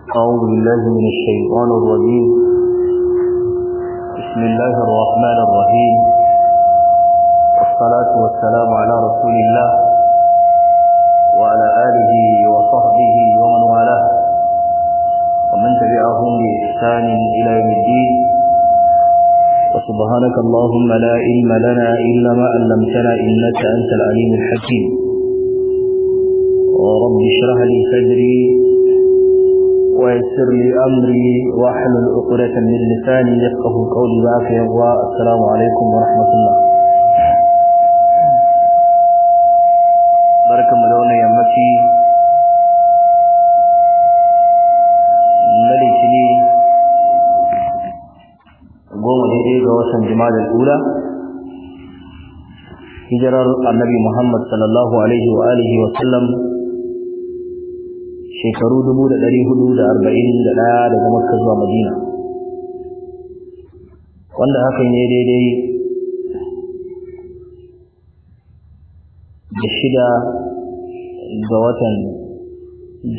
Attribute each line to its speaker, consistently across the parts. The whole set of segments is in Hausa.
Speaker 1: أعوذ بالله من الشيطان الرجيم بسم الله الرحمن الرحيم والصلاة والسلام على رسول الله وعلى آله وصحبه ومن والاه ومن تبعهم بإحسان إلى يوم الدين وسبحانك اللهم لا علم لنا إلا ما علمتنا إنك أنت العليم الحكيم ورب اشرح لي صدري ويسر لي أمري واحلل عقدة من لساني يفقه قولي معك والسلام السلام عليكم ورحمة الله بارك مكي يمتي ملكني قوم إليه وسن جماد الأولى hijirar النبي محمد صلى الله عليه وآله وسلم shekaru 441 daga makka zuwa madina wanda hakan ne daidai da shida ga watan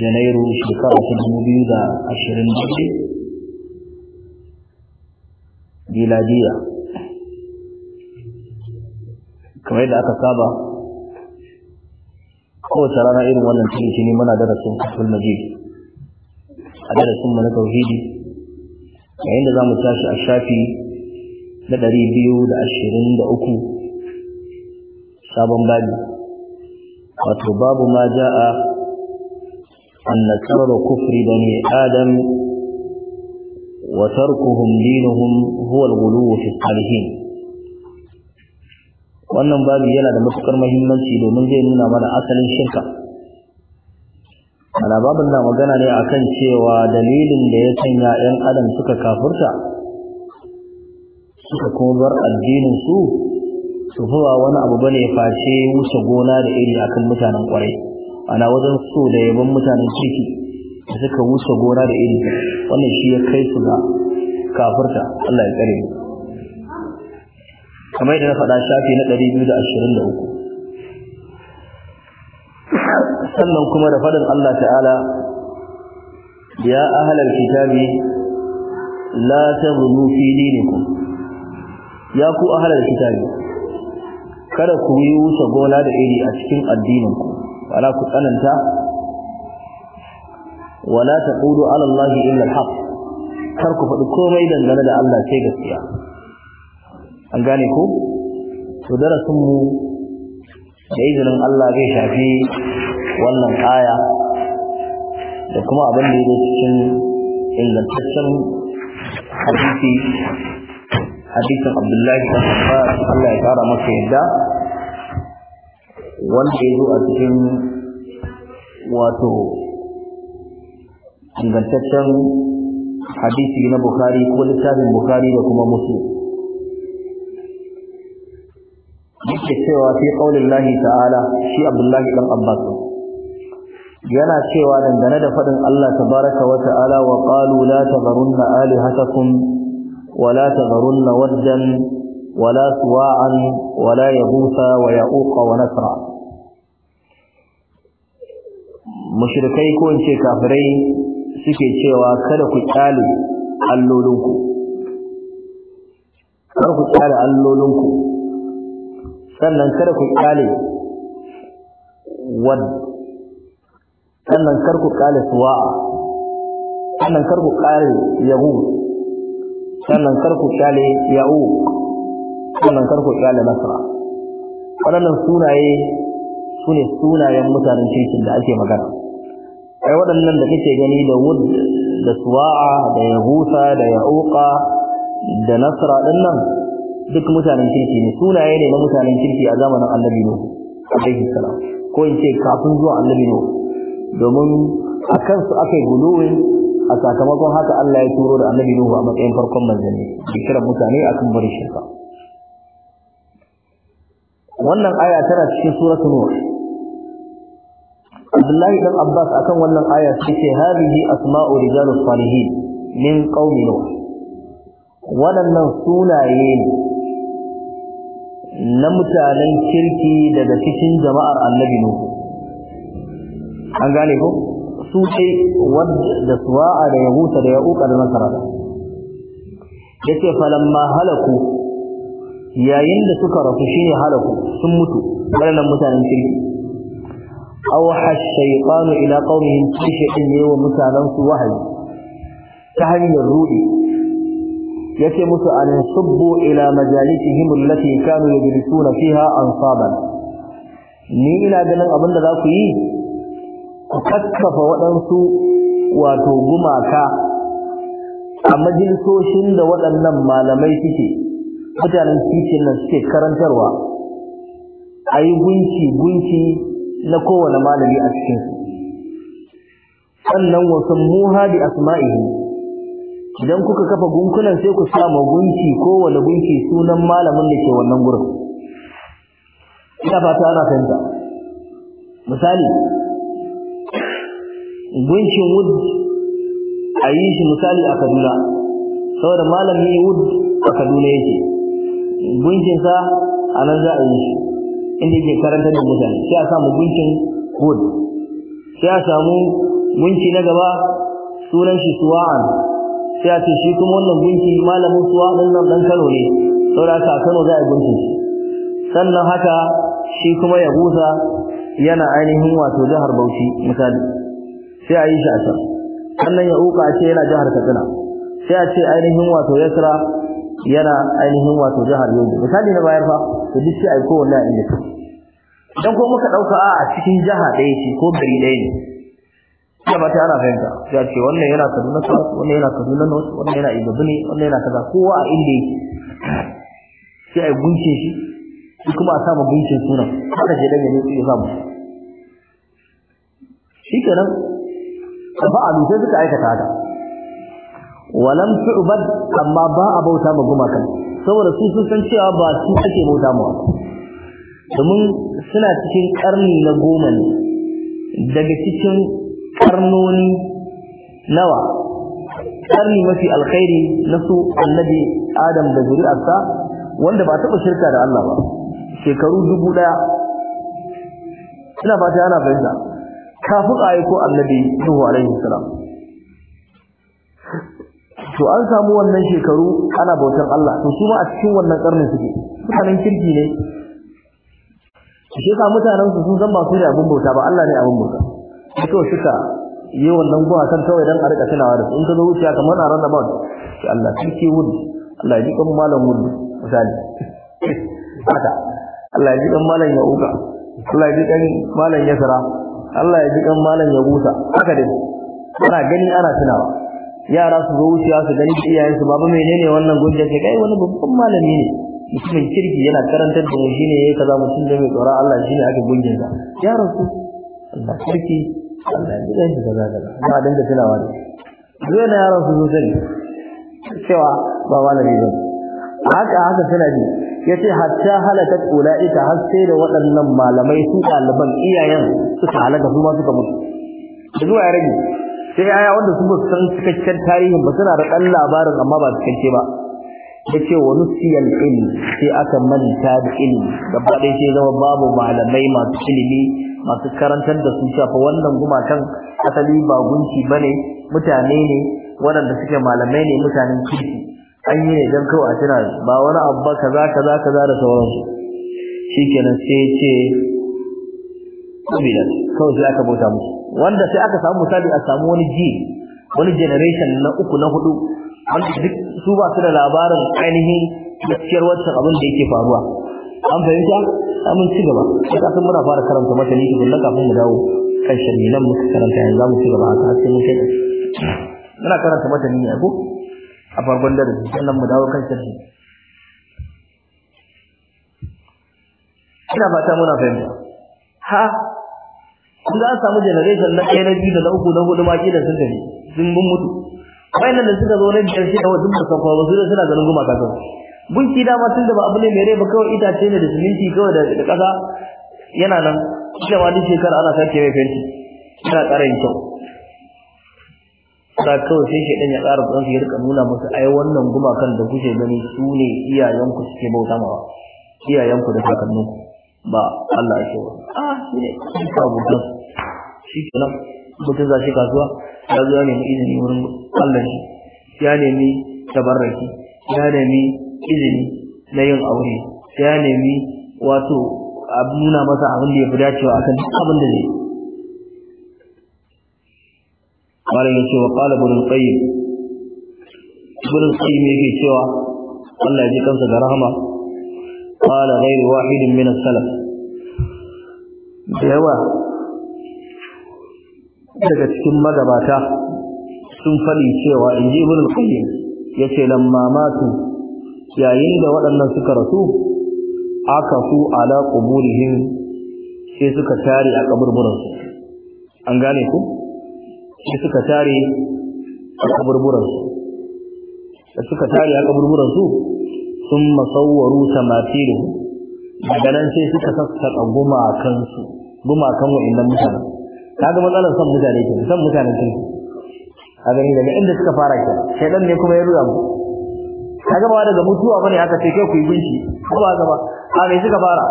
Speaker 1: janairu shekara ta dubu biyu da ashirin da biladiya kamar yadda aka saba kowace rana irin wannan ta litini muna darasin kafin majid a darasin mu na tauhidi yayin da za mu tashi a shafi na ɗari biyu da ashirin da uku sabon babi wato babu ma ja'a an nasarar kufri bani adam wa وتركهم دينهم هو الغلو في الصالحين wannan babu yana da matukar mahimmanci domin zai nuna mana asalin shirka ana babin na magana ne akan cewa dalilin da ya sanya 'yan adam suka kafurta suka kuma bar addinin su su wani abu bane face wuce gona da iri akan mutanen kwarai ana wajen so da yaban mutanen ciki da suka wuce gona da iri wannan shi ya kai su ga kafurta Allah ya tsare mu kamar yadda na faɗa shafi na uku, sannan kuma da faɗin Allah ta'ala ya ahlal kitabi la taghlu fi dinikum ya ku ahlal kitabi kada ku yi wuce gona da iri a cikin addininku wala ku tsananta wala ta ala allahi illa alhaq kar ku faɗi komai dangane da Allah sai gaskiya an gane ko to darasin mu da izinin Allah zai shafi wannan aya da kuma abin da yake cikin ingantaccen hadisi hadisin Abdullahi bin Abbas Allah ya kara masa yadda wanda ya a cikin wato ingantaccen hadisi na Bukhari ko littafin Bukhari da kuma Muslim yake cewa fi qaulillahi ta'ala shi Abdullahi dan Abbas yana cewa dangane da fadin Allah tabaraka wa ta'ala wa qalu la tadharunna alihatakum wa la tadharunna waddan wa la suwa'an wa la yaghutha wa ya'uqa wa nasra mushrikai ko in ce kafirai suke cewa kada ku kyale allolinku ku kyale allolinku sannan kada ku kyale wad sannan kar ku kyale suwa sannan kar ku kyale yahu sannan kar ku kyale ya'u sannan kar ku kyale nasra waɗannan sunaye su ne sunayen mutanen kirkin da ake magana ai waɗannan da kake gani da wud da suwa'a da yahusa da ya'uqa da nasra ɗin nan duk mutanen kirki ne sunaye ne na mutanen kirki a zamanin annabi nuhu alaihi salam ko in ce kafin zuwa annabi nuhu domin a kansu aka yi guluwi a sakamakon haka Allah ya turo da annabi nuhu a matsayin farkon manzanni bishirar mutane akan bari shirka wannan aya tana cikin suratu nur Abdullahi dan Abbas akan wannan aya suke hadhihi asma'u rijalus salihin min qaumi nuh waɗannan sunaye ne na mutanen kirki daga cikin jama'ar annabi nuhu an gane ko
Speaker 2: su ce wadda
Speaker 1: suwa'a da yahuta da ya'uka da nasara ya ce falamma halaku yayin da suka rasu ne halaku sun mutu waɗannan mutanen kirki awha shaytanu ila qaumihim shi shaytan ne wa mutanen wahayi ta hanyar ruɗi yace musu an subbu ila majalisihim allati kanu yajlisuna fiha ansaban ni ina ganin da za ku yi ku kakkafa waɗansu wato gumaka a majalisoshin da waɗannan malamai suke mutanen titin nan suke karantarwa a yi gunki gunki na kowane malami a cikinsu sannan wasu muha bi asma'ihi idan kuka kafa gunkunan sai ku sa gunki wani gunki sunan malamin da ke wannan gurin ina fata ana fahimta misali gunkin wood a yi shi misali a kaduna saboda malami wood a kaduna yake gunkinsa a nan za a yi shi inda yake karantar da mutane sai a samu gunkin wood sai a samu gunki na gaba sunan shi suwa'an sai a ce shi kuma wannan gunki malamin suwa ɗan nan dan Kano ne saboda haka Kano za a gunki sannan haka shi kuma ya busa yana ainihin wato jihar Bauchi misali sai a yi shi a can sannan ya uka ce yana jihar Katsina sai a ce ainihin wato Yasra yana ainihin wato jihar Yobe misali na bayar fa to duk sai a yi kowanne a inda dan ko muka dauka a cikin jiha ɗaya ce ko gari ɗaya ne ya ba ta ana fahimta ya ce wannan yana kaduna south wannan yana kaduna north wannan yana igabi ne wannan yana kaza kowa a inda yake sai a yi gunce shi shi kuma a samu gunce sunan haka je dan ya nutsu ya samu shi kenan a fa'alu sai suka aikata haka walam tu'bad amma ba a bauta ma gumakan saboda su sun san cewa ba su ake bauta ma domin suna cikin karni na goma ne daga cikin karnoni nawa karni mafi alkhairi na su annabi adam da zuri'arsa wanda ba taɓa shirka da Allah ba shekaru dubu ɗaya ina fata yana fahimta kafin a aiko annabi Nuhu alaihi salam to an samu wannan shekaru ana bautar Allah to su ma a cikin wannan karnin suke mutanen kirki ne shi yasa mutanen su sun zan ba su da abin bauta ba Allah ne abin bauta sai suka yi wannan guwa san kawai dan a rika tunawa da in ka zo wuciya kamar a ran about sai Allah sarki wud Allah ya ji kan malam wud misali haka Allah ya ji malam ya uka Allah ya ji malam ya sara Allah ya ji malam ya gusa haka dai ana gani ana tunawa yara su zo wuciya su gani iyayen su babu menene wannan gunje ke kai wani babban malami ne mutumin kirki yana karantar da mu shine yayi kaza mutum da mai tsora Allah shine aka gunjin sa yaran su Allah kirki. Allah yaron gidan shi zai na su sosai cewa ba malami ba a haka haka tana ji ce hatta halakat ita, har sai da waɗannan malamai su ɗaliban iyayen suka halaka su ma suka mutu da zuwa ya rage sai aya wanda su san cikakken tarihin ba suna da ɗan labarin amma ba cikakke ba ce wa nusiyal ilimi sai aka manta da ilmi gaba ɗaya sai zama babu malamai masu ilimi masu karantar da su shafa wannan gumakan asali ba gunki bane mutane ne waɗanda suke malamai ne mutanen kirki an yi ne don kawai a tuna ba wani abu ba kaza kaza kaza da sauransu shikenan sai ce kubilan kawai sai aka bauta musu wanda sai aka samu misali a samu wani ji wani generation na uku na hudu wanda duk su ba su da labarin ainihin gaskiyar wancan abin da yake faruwa an fahimta Amin mun ci gaba ka san muna fara karanta mata ne tukun kafin mu dawo kan sharhi nan muka karanta yanzu za mu ci gaba haka sai mun kai muna karanta mata ne ko a farkon darasi sannan mu dawo kan sharhi ina fata muna fahimta ha kun za a samu generation na ɗaya na biyu da na uku na hudu maki da sun gari sun mun mutu wayannan da suka zo na biyar shi da masu musamman wasu da suna ganin gumaka kawai gunki dama tun da ba abu ne mai rai ba kawai itace ne da siminti kawai da ƙasa yana nan kusa wani duk shekara ana sake mai fenti yana ƙara yin kyau ta kawai sai shaidan ya ƙara tsoron su ya rika nuna musu ai wannan gumakan da kuke gani su ne iyayenku suke bauta mawa iyayenku da kakanninku ba Allah ya kewa
Speaker 3: a ah, shi ne ka buka
Speaker 1: shi nan, mutum za shi kasuwa ya zo ya nemi izini wurin Allah shi ya nemi tabarraki ya nemi izini na yin aure sai ya nemi wato a nuna masa abin da ya fi dacewa akan duk abin da zai malam ce wa qala ibn qayyim ibn qayyim yake cewa Allah ya ji kansa da rahama qala gairu wahidin min as-salaf yawa daga cikin magabata sun faɗi cewa in inji ibn qayyim yace lamma matu yayin da waɗannan suka rasu aka su ala quburihim sai suka tare a kaburburansu an gane ku sai suka tare a kaburburansu da suka tare a kaburburansu sun masawwaru tamatiru daga nan sai suka guma gumakansu gumakan wa'annan mutane Ta ga matsalar son mutane ke san mutanen kirki a gani daga inda suka fara ke shaidan ne kuma ya ruda mu kaga ba daga mutuwa bane aka ce kai ku yi gunki ko ba gaba a me suka fara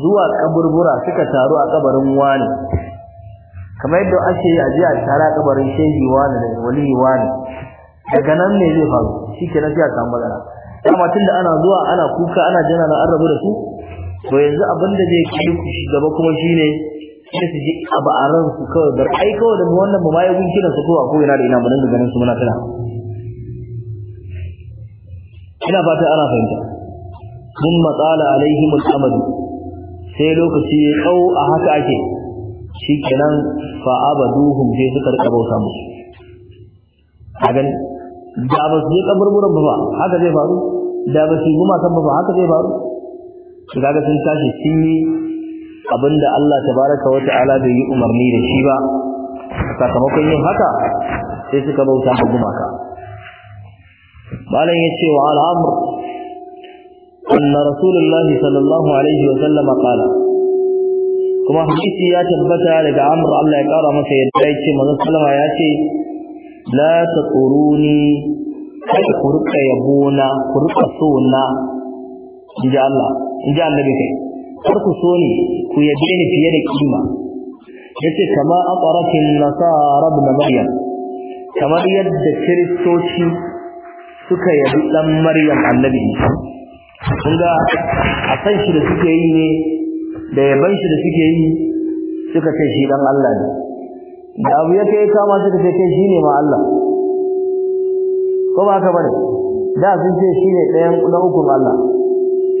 Speaker 1: zuwa kaburbura suka taru a kabarin wani kamar yadda ake yi a tare a kabarin shehi wani da wali wani daga nan ne zai faru shikenan na jiya samu magana amma da ana zuwa ana kuka ana jana na an rabu da su to yanzu abin da zai kai ku gaba kuma shine sai su ji abu a su kawai bar ai kawai da wannan ba ma ya gunki da su kowa ko ina da ina ba nan da ganin su muna tana ina fatan ana fahimta mun matsala alaihim al'amad sai lokaci ya kau a haka ake shikenan fa abaduhum sai suka rika bauta musu a gani da ba su je kaburburan ba haka zai faru da ba su guma san ba haka zai faru su kaga sun tashi sun yi abinda Allah tabaraka wa ta'ala bai yi umarni da shi ba sakamakon yin haka sai suka bauta ga gumaka malam ya ce wa al'amur anna rasulullahi sallallahu alaihi wa sallama qala kuma hadisi ya tabbata daga amr Allah ya kara masa yadda ya ce manzon sallama ya ce la tsoroni, kai ku rika yabona ku rika sona In inji Allah inji annabi kai kar ku so ni ku yabe ni fiye da kima yace kama aqaratin nasara ibn maryam kamar yadda kiristoci suka yabi dan maryam annabi kun ga a san shi da suke yi ne da yaban shi da suke yi suka ce shi dan Allah ne da abu ya kai kama suka ce kai shine ma Allah ko ba ka bane da sun ce shine ɗayan na ma Allah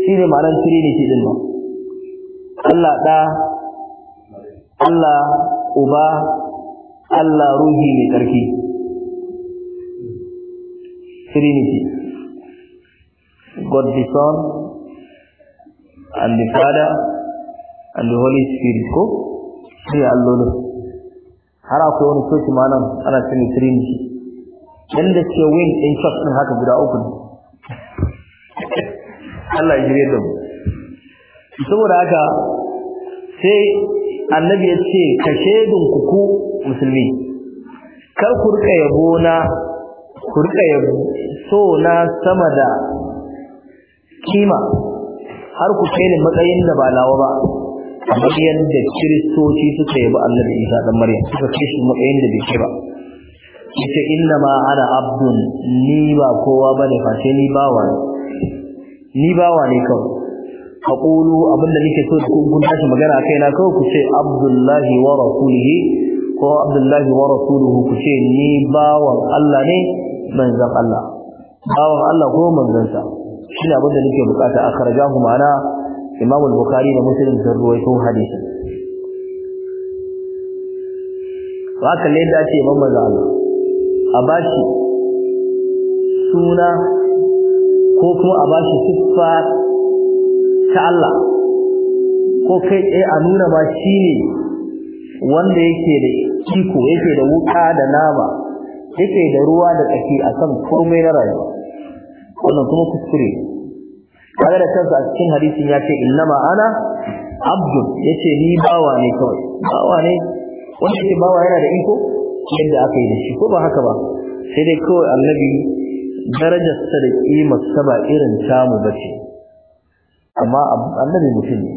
Speaker 1: shine ma'anar trinity din ma
Speaker 2: Allah da Allah
Speaker 1: uba Allah ruhi ne tsarki Trinity God the Son and the Father and the Holy Spirit ko sai ne, har akwai wani coci ma nan ana cin Trinity da ke wing in church din haka guda uku ne
Speaker 3: Allah ya jire da mu
Speaker 1: saboda haka sai annabi ya ce ka shedun ku ku musulmi kar ku rika yabo na ku rika so na sama da kima har ku kai ni matsayin da ba nawa ba kamar yadda kiristoci suka yabi da isa dan maryam suka kai shi matsayin da bai kai ba yace inna ma ana abdun ni ba kowa bane fa sai ni bawa ni bawa ne kawai faqulu abinda nake so ku kun tashi magana akai na kawai ku ce abdullahi wa rasulihi ko abdullahi wa rasuluhu ku ce ni bawan Allah ne manzan Allah bawan Allah ko manzansa shi ne abin da nake bukata a karjahu ma'ana imam bukhari da muslim sun ruwaito hadisi ba kalle da ce imam manzan Allah a bashi suna ko kuma a bashi siffa ta Allah ko kai tsaye a nuna ba shi ne wanda yake da iko yake da wuka da nama yake da ruwa da tsaki a kan komai na rayuwa wannan kuma kuskure kaga da kansa a cikin hadisin ya ce innama ana abdu yace ni bawa ne kawai bawa ne wanda ke bawa yana da iko yadda aka yi da shi ko ba haka ba sai dai kawai annabi darajar sa da kimar sa ba irin tamu bace amma annabi mutum ne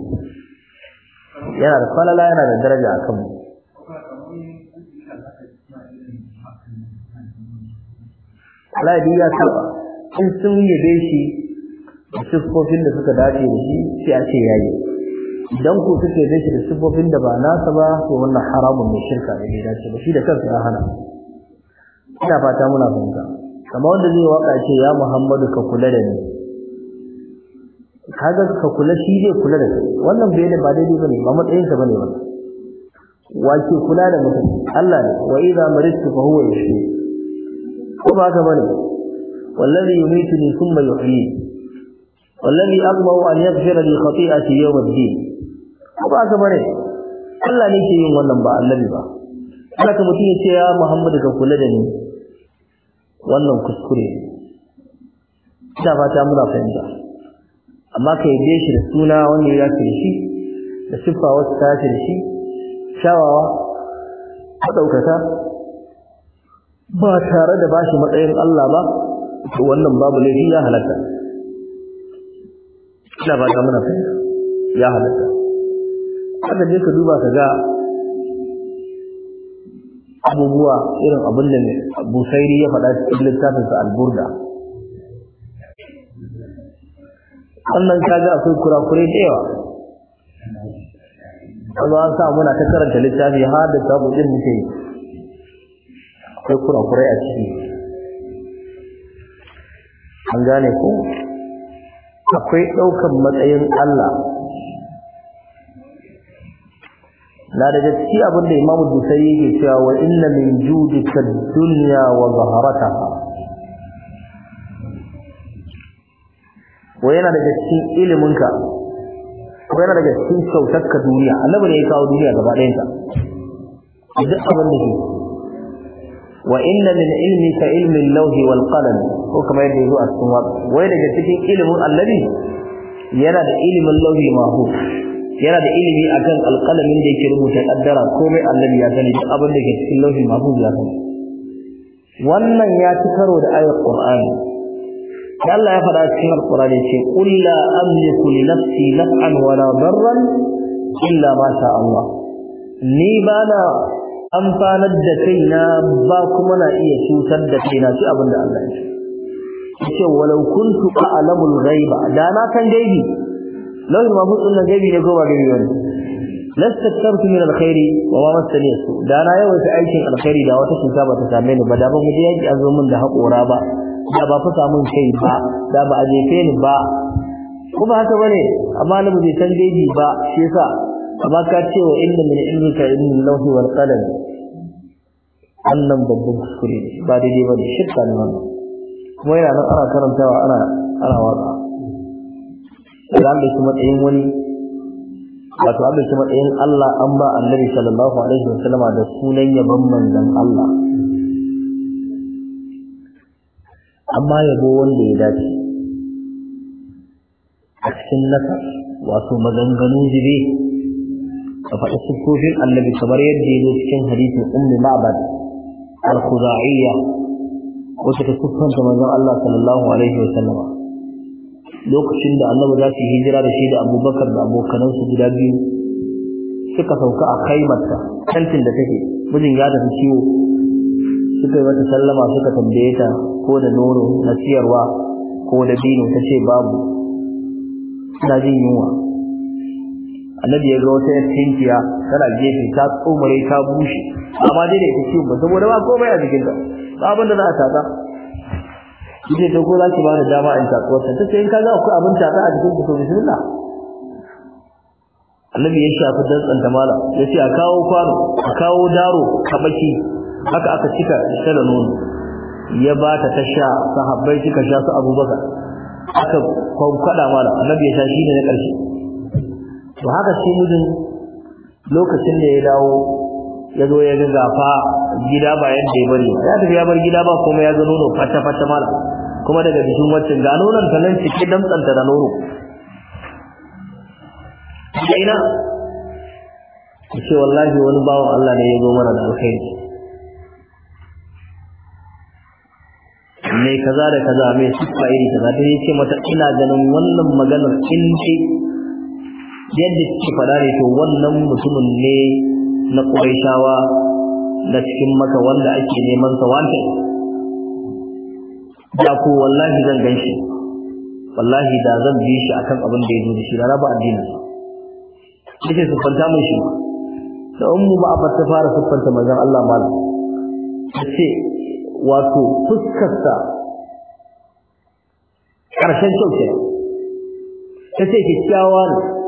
Speaker 1: yana da falala yana da daraja a kanmu. Allah ya saba in sun yabe shi da siffofin da suka dace da shi sai a ce yayi idan ku suke da shi da siffofin da ba nasa ba to wannan haramun ne shirka ne da dace shi da kansa ya hana ina fata muna fahimta kamar wanda zai waka ce ya Muhammadu ka kula da ni kaga ka kula shi zai kula da kai wannan bai ne ba daidai bane ba matsayin ka bane wannan wace kula da mutum Allah ne wa idza maristu fa huwa yashfi ko ba haka bane wallazi yumituni thumma yuhyi wallazi aqma an yaghfira li khati'ati yawm ad-din ko ba haka bane Allah ne ke yin wannan ba annabi ba haka mutum ya ce ya Muhammadu ka kula da ni wannan kuskure ina ta muna fahimta amma ka yabe shi da suna wanda ya dace da shi da siffa wacce ta dace da shi shawawa ka ɗaukaka ba tare da bashi matsayin Allah ba to wannan babu laifi ya halatta ina ba ta muna fahimta ya halatta kada ne ka duba ka ga abubuwa irin abin da busairi ya faɗa cikin littafinsa alburda sannan ka ga akwai kurakurai da yawa an sa muna ta karanta littafi har da sabuwar ɗin muke yi akwai kurakurai a ciki an gane ku. akwai ɗaukan matsayin Allah na da gaske abin da imamu dusai yake cewa wa inna min judika dunya wa zaharataha wa yana da gaske iliminka ko yana daga cikin kyautarka duniya annabi ne ya kawo duniya gaba ɗayanta duk abin da ke wa inna min ilmi ka ilmi lauhi wal qalam ko kamar yadda yazo a cikin waka wai daga cikin ilimin allabi yana da ilimin lauhi mahu yana da ilimi akan alqalamin da yake rubuta kaddara komai allabi ya sani duk abin da ke cikin lauhi mahu ya sani wannan ya ci karo da ayat qur'ani Allah ya faɗa cikin alqur'ani ce qul la amliku li nafsi naf'an wala darran illa ma sha Allah ni bana amfanar da kaina ba kuma na iya cutar da kaina shi abin da Allah ya ce ce walau kuntu a'lamul ghaiba da na san gaibi lawi mafud din gaibi ne ko ba gaibi bane lastaktartu min alkhairi wa ma masani su da na yawa ta aikin alkhairi da wata cuta ba ta same ni ba da ba mu je yaki zo min da haƙora ba da ba fa samun kai ba da ba a jefe ni ba kuma haka bane amma na bai san gaibi ba shi yasa amma ka ce wa inda min ilmika ilmin lauhi wal qalam Annan babban kuskure ne ba daidai ba ne shirka ne wannan kuma yana nan ana karantawa ana ana waka idan da shi matsayin wani wato an shi matsayin Allah an ba annabi sallallahu alaihi wa sallama da sunan yabon manzon Allah amma yabo wanda ya dace a cikin nasa wato maganganu jibi ka faɗi siffofin annabi kamar yadda ya zo cikin hadisin ummi ma'bad al-khuza'iyya wacce ta siffanta manzon Allah sallallahu alaihi wa sallama lokacin da annabi za su hijira da shi da abubakar da abokanansu guda biyu suka sauka a kaimarta tantin da take mijin ya tafi ciwo suka yi mata sallama suka tambaye ta ko da nono na ciyarwa ko da dino ta ce babu ina jin yunwa annabi ya ga wata tinkiya tana gefe ta tsomare ta bushe amma dai da ita ce ba saboda ba komai a jikin ta ba abin da za a tata ita ta ko za ki ba da dama in tatsuwar ta sai in ka ga akwai abin tata a jikin ku to bismillah annabi ya shafi dantsan da mala ya ce a kawo kwano a kawo daro baki haka aka cika ita da nono ya ba ta ta sha sahabbai suka sha su abubakar aka kwankwada mala annabi ya sha shi ne na ƙarshe to haka shi mijin lokacin da ya dawo ya zo ya ga fa gida ba yadda ya bari ya tafi ya bar gida ba kuma ya ga nono fata fata mala kuma daga jikin waccan ga nonon ta nan cike damtsanta da nono ina ku ce wallahi wani bawan Allah ne ya zo mana da alkhairi mai kaza da kaza mai sifa iri kaza ta ce mata ina ganin wannan maganar in ce yadda kike fada ne to wannan mutumin ne na Qurayshawa na cikin maka wanda ake neman sa wanted da ko wallahi zan ganshi wallahi da zan bi shi akan abin da da shi raba addinin
Speaker 2: sa yake siffanta mun shi
Speaker 1: da ummu ba ba ta fara siffanta manzon Allah ma ce wato fuskarta ƙarshen karshen kyau ce ta ce kyakkyawa ne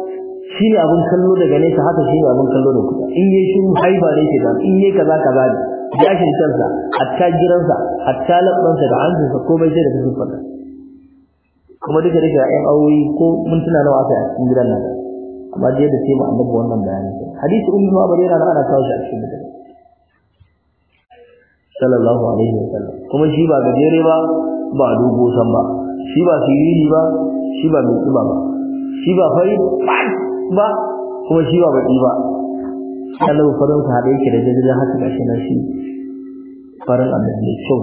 Speaker 1: shi ne abin kallo daga nesa haka shi ne abin kallo da kusa in yi shi haiba ne ke dan in yi kaza kaza ne Ya shi kansa hatta giransa ta labbansa da an ko komai sai da ta zuffar kuma duka duka ƴan awoyi ko mintuna nawa aka yi a cikin gidan nan kuma da yadda sai mu annabi wannan bayani hadisi umu ma ba yana ana kawo shi a cikin gidan sallallahu alaihi wa sallam kuma shi ba gajere ba ba dogo san ba shi ba siriri ba shi ba mai tsiba ba shi ba fari ba ba kuma shi ba baki ba Allah farin sa hada yake da jirgin haka shi na shi farin Allah ne kyau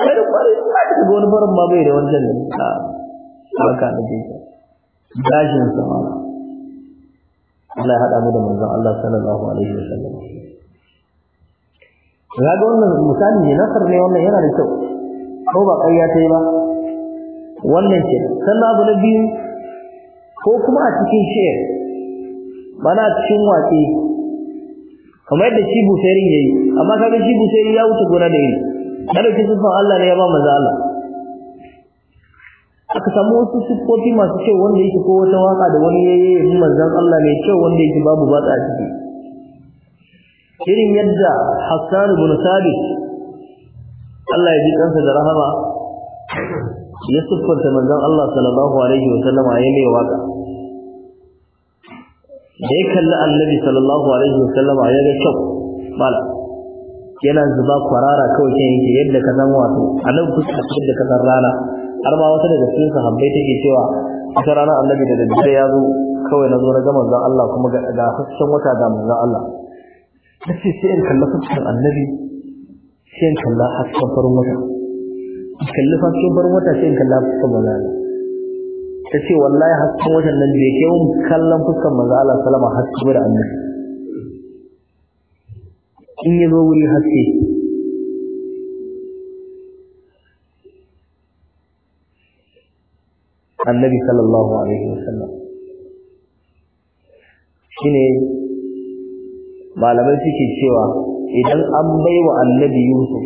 Speaker 1: kai da farin ba ga wani farin ma bai da wancan ne a haka da ke sa ma Allah ya hada mu da manzon Allah sallallahu
Speaker 2: alaihi wasallam
Speaker 1: ga wannan misali ne na ne wannan yana da kyau ko ba ƙarya ta yi ba wannan ce sannan abu na biyu ko kuma a cikin shayar mana cikin waƙe kamar yadda shi busairin yayi amma kaga shi busairi ya wuce gona da yi ya dauki sufan Allah ne ya ba maza Allah aka samu wasu siffofi masu kyau wanda yake ko wata waka da wani yayi yayin manzon Allah mai kyau wanda yake babu batsa a ciki irin yadda Hassan ibn Sabit Allah ya ji kansa da rahama ya siffanta manzon Allah sallallahu alaihi wasallam a yayin waka da ya kalli annabi sallallahu alaihi wasallam ya ga kyau bala yana zuba kwarara kawai kan yake yadda ka zama wato annabi fuska yadda ka san rana har ma wata daga cikin sahabbai take cewa ita rana annabi da daddare ya zo kawai na zo na ga manzon Allah kuma ga hasken wata ga manzon Allah nace sai in kalla fuskar annabi sai in kalla hasken farin wata kalli hasken farin wata sai in kalla fuskar manzon Allah ta ce wallahi hasken watan nan da yake yawan kallon fuskan manzo Allah sallama haske bada annabi
Speaker 3: in ya zo wuri haske
Speaker 1: annabi sallallahu alaihi wasallam shine malamai suke cewa idan an baiwa annabi Yusuf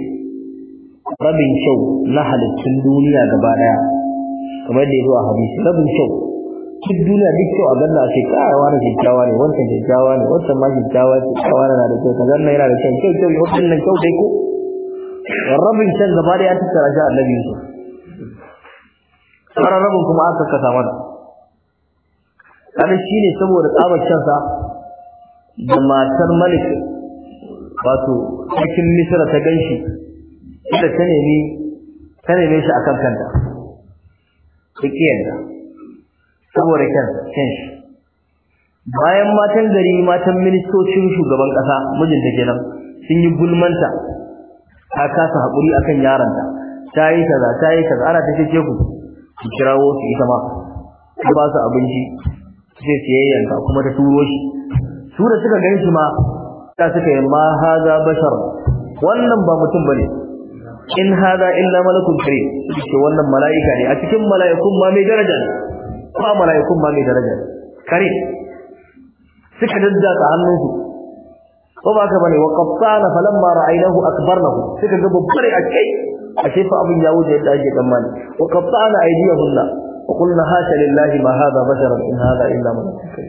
Speaker 1: rabin kyau na halittun duniya gaba daya kamar da ya zo a hadisi rabin kyau duk duniya duk kyau a ganna a shekara karawa da kyakkyawa ne wancan kyakkyawa ne wancan ma kyakkyawa ce kyakkyawa na da kyau kazan nan yana da kyau kyau kyau yau nan kyau dai ko rabin can gaba da ya tattara shi annabi Yusuf tsara rabin kuma aka kasa mana kanin shine saboda tsabar cansa da matar malik wato cikin misira ta ganshi inda ta nemi ta neme shi akan kanta
Speaker 3: saboda
Speaker 1: kyan bayan matan gari matan ministocin shugaban kasa mijinta kenan sun yi gulmanta ta kasa haƙuri akan yaranta ta yi kaza ta yi kaza ana ta cece ku ki kirawo su ita ma ta ba su abinci sai siyayyanka kuma ta turo shi su da suka gan shi ma ta suka yi ma haza bashar wannan ba mutum bane in haza illa malakun kare ce wannan mala'ika ne a cikin mala'ikun ma mai daraja ba mala'ikun ma mai daraja kare suka daddata hannunsu ko ba ka bane wa qattana falamma ra'aynahu akbarnahu suka ga babbare a kai ashe fa abin ya wuce da ake tsammani wa qattana aydiyahunna wa qulna hasha lillahi ma hada basharan in hada illa malakun kare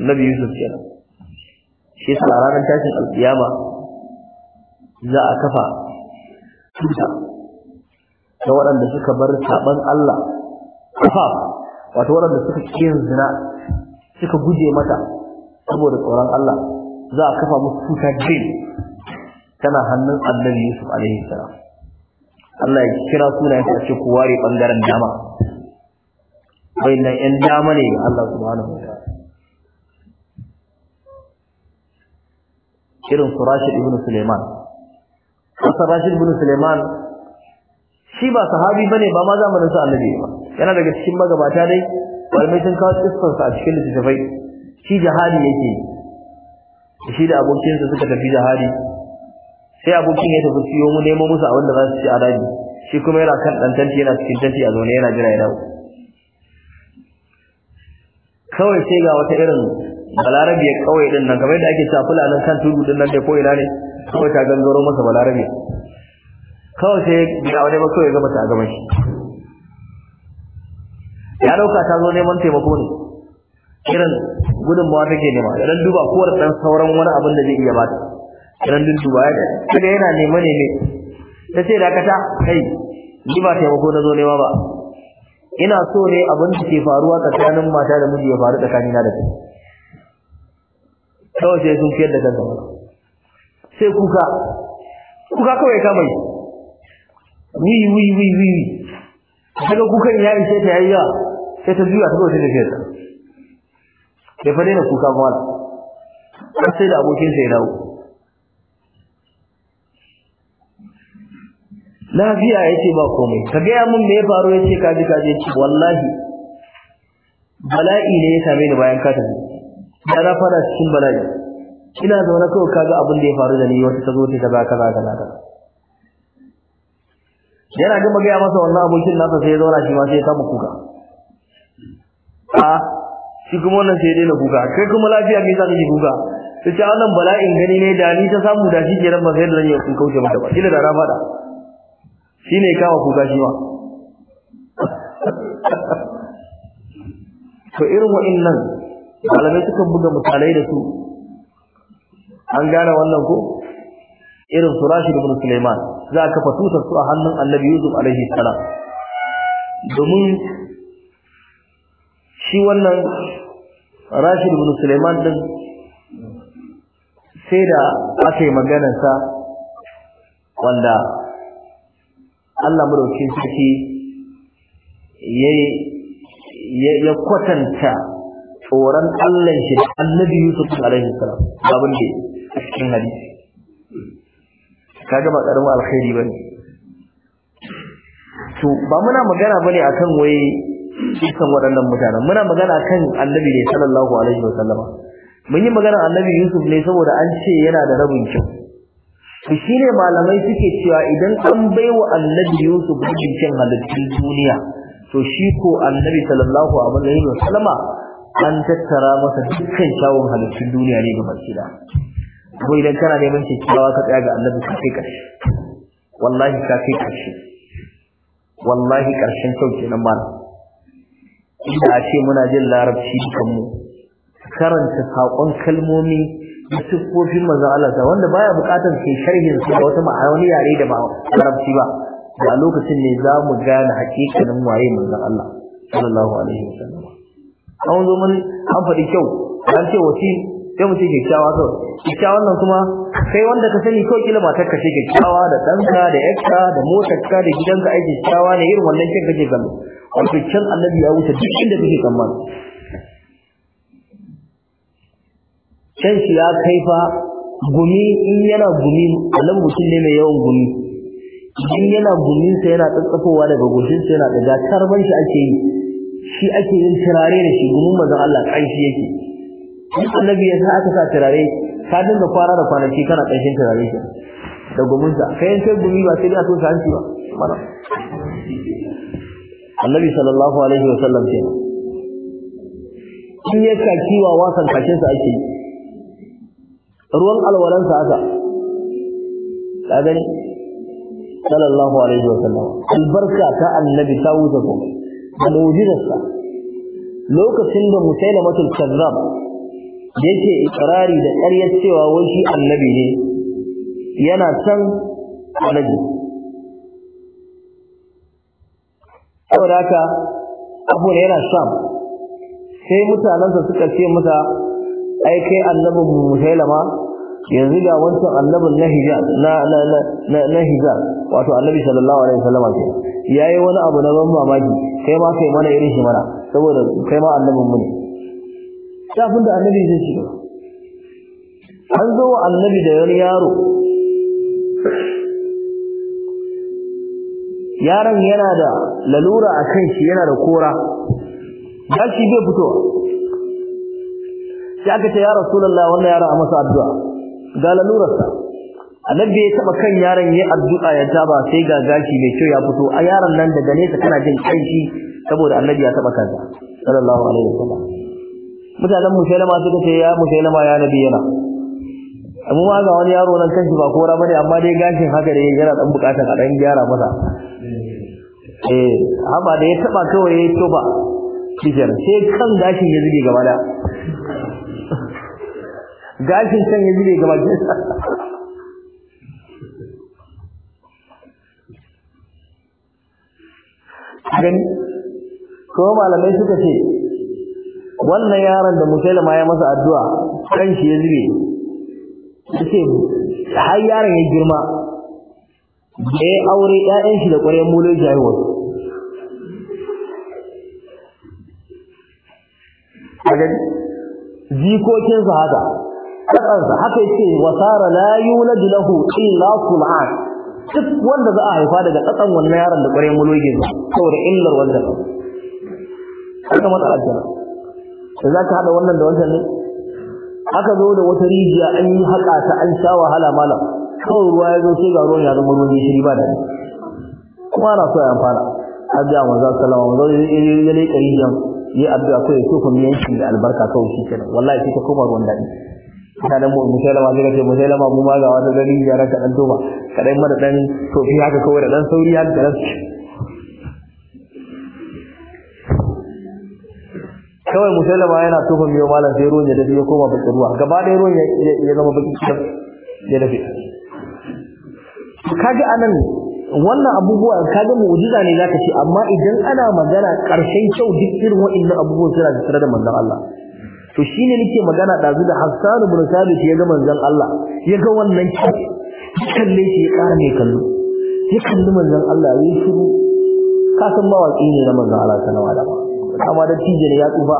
Speaker 1: Nabi Yusuf kenan shi yasa ranar tashin alkiyama za a kafa tuta ta waɗanda suka bar saban Allah kafa wato waɗanda suka kiyin zina suka guje mata saboda tsoron Allah za a kafa musu tuta din tana hannun annabi Yusuf alaihi salam Allah ya kira sunayen sa ce ku ware bangaren dama wayannan yan dama ne Allah subhanahu wa irin su Rashid ibn Suleiman kasar Rashid ibn Suleiman shi ba sahabi bane ba ma zamanin sa annabi ba yana daga cikin magabata dai walmai sun kawo kissar sa a cikin littafai shi jihadi yake shi da abokinsa suka tafi jihadi sai abokin ya tafi siyo mu nemo musu abin da za su ci a daji shi kuma yana kan dan tanti yana cikin tanti a zaune yana jira ya dawo kawai sai ga wata irin balarabe kawai din nan kamar yadda ake cewa fulanin kan tudu din nan da ko ina ne kawai ta gangaro masa balarabe kawai sai ga wani ba kawai ga mata a gaban shi ya dauka ta zo neman taimako ne irin gudunmawa take nema idan duba kowar dan sauran wani abin da zai iya bata idan din duba ya kaga yana nema ne ne ta ce dakata kai ni ba taimako na zo nema ba ina so ne abin da ke faruwa tsakanin mata da miji ya faru tsakanina da kai kawai sai sun fiyar da kansa
Speaker 3: sai kuka kuka kawai ka mai wi wi wi wi
Speaker 1: daga kukan ya ishe ta yayi yawa sai ta juya ta zo ta fiyar sai fa daina kuka kuma har sai da abokin sai dawo lafiya ce ba komai ka gaya mun me ya faru yace kaji kaji wallahi bala'i ne ya same ni bayan ka tafi da na fara cikin bala'i ina zaune kawai kaga abin da ya faru da ni wata ta zo ta kaza kaza na kaza yana gama gaya masa wannan abokin nasa sai ya zauna shi ma sai ya samu kuka a shi kuma wannan sai ya daina kuka kai kuma lafiya kai zaka yi kuka ta wannan bala'in gani ne da ni ta samu da shi kenan ba sai da zan kun kauce mata ba shi da na da shi ne kawo kuka shi ma to irin nan malamai suka buga misalai da su an gane wannan ko irin su Rashid ibn za ka fa tutar su a hannun Annabi Yusuf alaihi salam domin shi wannan Rashid ibn Sulaiman din sai da aka yi maganarsa, wanda Allah madaukin sarki ya kwatanta tsoron Allah shi da Annabi Yusuf alaihi salam babun da a cikin hadisi kaga ba karamin alkhairi bane to ba muna magana bane akan waye kisan waɗannan mutanen muna magana kan Annabi ne sallallahu alaihi wasallama mun yi magana Annabi Yusuf ne saboda an ce yana da rabin kyau to shine malamai suke cewa idan an baiwa Annabi Yusuf rabin halittun duniya to shi ko Annabi sallallahu alaihi wasallama an tattara masa dukkan kyawun halittun duniya ne ga baki da ko idan kana neman kyakkyawa ka tsaya ga annabi ka kai karshe wallahi ka kai karshe wallahi karshen kyau nan malam inda a ce muna jin larabci dukanmu. karanta saƙon kalmomi da siffofin manzon Allah sa wanda baya buƙatar sai sharhin su da wata ma'ana yare da ba larabci ba a lokacin ne za mu gane hakikanin waye manzon Allah sallallahu alaihi wasallam an zo mun an faɗi kyau an ce wasi sai mu ce kyakkyawa kawai kyakkyawan nan kuma kai wanda ka sani kawai kila matar ka ce kyakkyawa da ɗanka da yarka da motarka da gidanka ai kyakkyawa ne irin wannan kyan kake zama wato kyan annabi ya wuce duk inda kake zama kyan shi ya kai fa gumi in yana gumi annabi mutum ne mai yawan gumi in yana guminsa yana tsattsafowa daga goshinsa yana daga tarban shi ake yi shi ake yin turare da shi gumin manzon Allah ƙanshi yake in annabi ya sa aka sa turare ka dinga fara da kwanaki kana ƙanshin turare shi da gumin sa kai sai gumi ba sai da so sanci ba mana annabi sallallahu alaihi wa sallam ce in ya kaki wa wasan kakin sa ake ruwan alwalan sa haka ka gani sallallahu alaihi wa sallam albarka ta annabi ta wuce komai da mu'jizarsa lokacin da musailamatul kazzab yake ikrari da ƙaryar cewa wai shi annabi ne yana san annabi saboda haka abu ne yana sham sai mutanensa suka ce masa ai kai annabin ma yanzu ga wancan annabin na hijab na na na na hijab wato annabi sallallahu alaihi wasallam ke yayi wani abu na ban mamaki kai ma kai mana irin shi mana saboda kai ma annabin mu ne shafin da annabi zai ci an zo annabi da wani yaro yaron yana da lalura a kan shi yana da kora gashi bai fitowa sai aka ce ya rasulullah wannan yaron a masa addu'a ga lalurarsa annabi ya taba kan yaron yi addu'a ya taba sai ga gashi mai kyau ya fito a yaron nan daga nesa kana jin kanshi saboda annabi ya taba kanta.
Speaker 3: sallallahu alaihi wasallam
Speaker 1: mutanen musailama suka ce ya musailama ya nabi yana amma ma ga wani yaro nan kanshi ba kora bane amma dai gashin haka da yana dan bukatar a dan gyara masa eh haba da ya taba kawai ya ba. kijar sai kan gashin ya zube gaba da gashin can ya zube gaba jinsa gani ko malamai suka ce wannan yaron da musulma ya masa addu'a kan shi ya zube ce har yaron ya girma da ya aure ƴaƴan shi da ƙwaryar mulai jayuwa a gani jikokinsa haka rakansa haka yake wasara la yulad lahu illa sul'an duk wanda za a haifa daga kasan wannan yaron da kware mulogin saboda illar wannan haka matsala ce da za ka haɗa wannan da wannan ne aka zo da wata rijiya an yi haƙa ta an sha wahala malam kawai ruwa ya zo sai ga ruwan ya zama ruwan shiri ba da ni kuma ana so ya amfana addu'a manzo sallama manzo ya leƙa rijiyan yi addu'a kawai, ya tofa miyanci da albarka kawai shi kenan wallahi sai ta koma ruwan daɗi mutanen mu musailama sai kace musailama mu ma ga wata gari ya raka dan toba kadai mara dan tofi haka kawai da dan sauri haka da rasu kawai musailama yana tofa miyo malam sai ruwan ya dafi ya koma bakin ruwa gaba ɗaya ruwan ya zama bakin kitab ya dafi kaga anan wannan abubuwa kaga mu'jiza ne zaka ce amma idan ana magana karshen kyau duk irin waɗannan abubuwan suna da da manzon Allah to shine nake magana dazu da Hassan ibn Sabit ya ga manzon Allah ya ga wannan kyau kalle shi ya ƙara mai kallo ya kalli manzon Allah ya shiru ka san mawaƙi ne na manzon Allah sanawa da ba amma da tije ne ya tsufa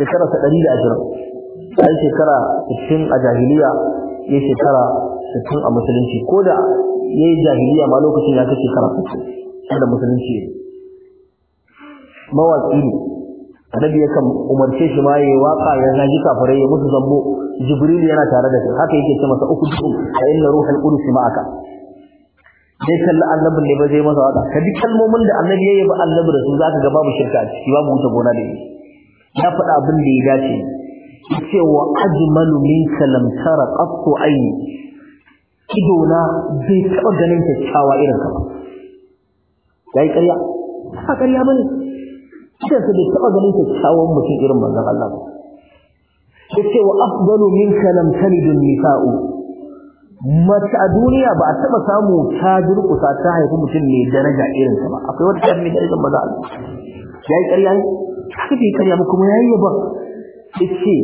Speaker 1: shekara ta 120 sai shekara 60 a jahiliya ya shekara 60 a musulunci ko da yayi jahiliya ma lokacin ya kai shekara 60 da musulunci mawaki ne annabi yakan umarce shi ma yayi waka ya zaji kafirai ya musu zambo jibril yana tare da shi haka yake ce masa uku duk a inna ruhul qudus ma'aka dai kalli annabin ne ba zai masa waka ka bi kalmomin da annabi yayi ba annabi da su zaka ga babu shirka a ciki babu wuta gona da ya faɗa abin da ya dace yace wa ajmalu minka lam tara qattu ayni idona bai taɓa ganin kyakkyawa irin ka ba yayi ƙarya ba ƙarya bane kansa bai taɓa ganin kyakkyawan mutum irin manzon Allah ba ya ce wa afdalu min kalam talidun nisa'u mace a duniya ba a taɓa samu ta durƙusa ta haifi mutum mai daraja irin ta ba akwai wata yar mai darajar maza Allah ya yi ƙarya ne haka bai ƙarya ba kuma ya yi yaba ya ce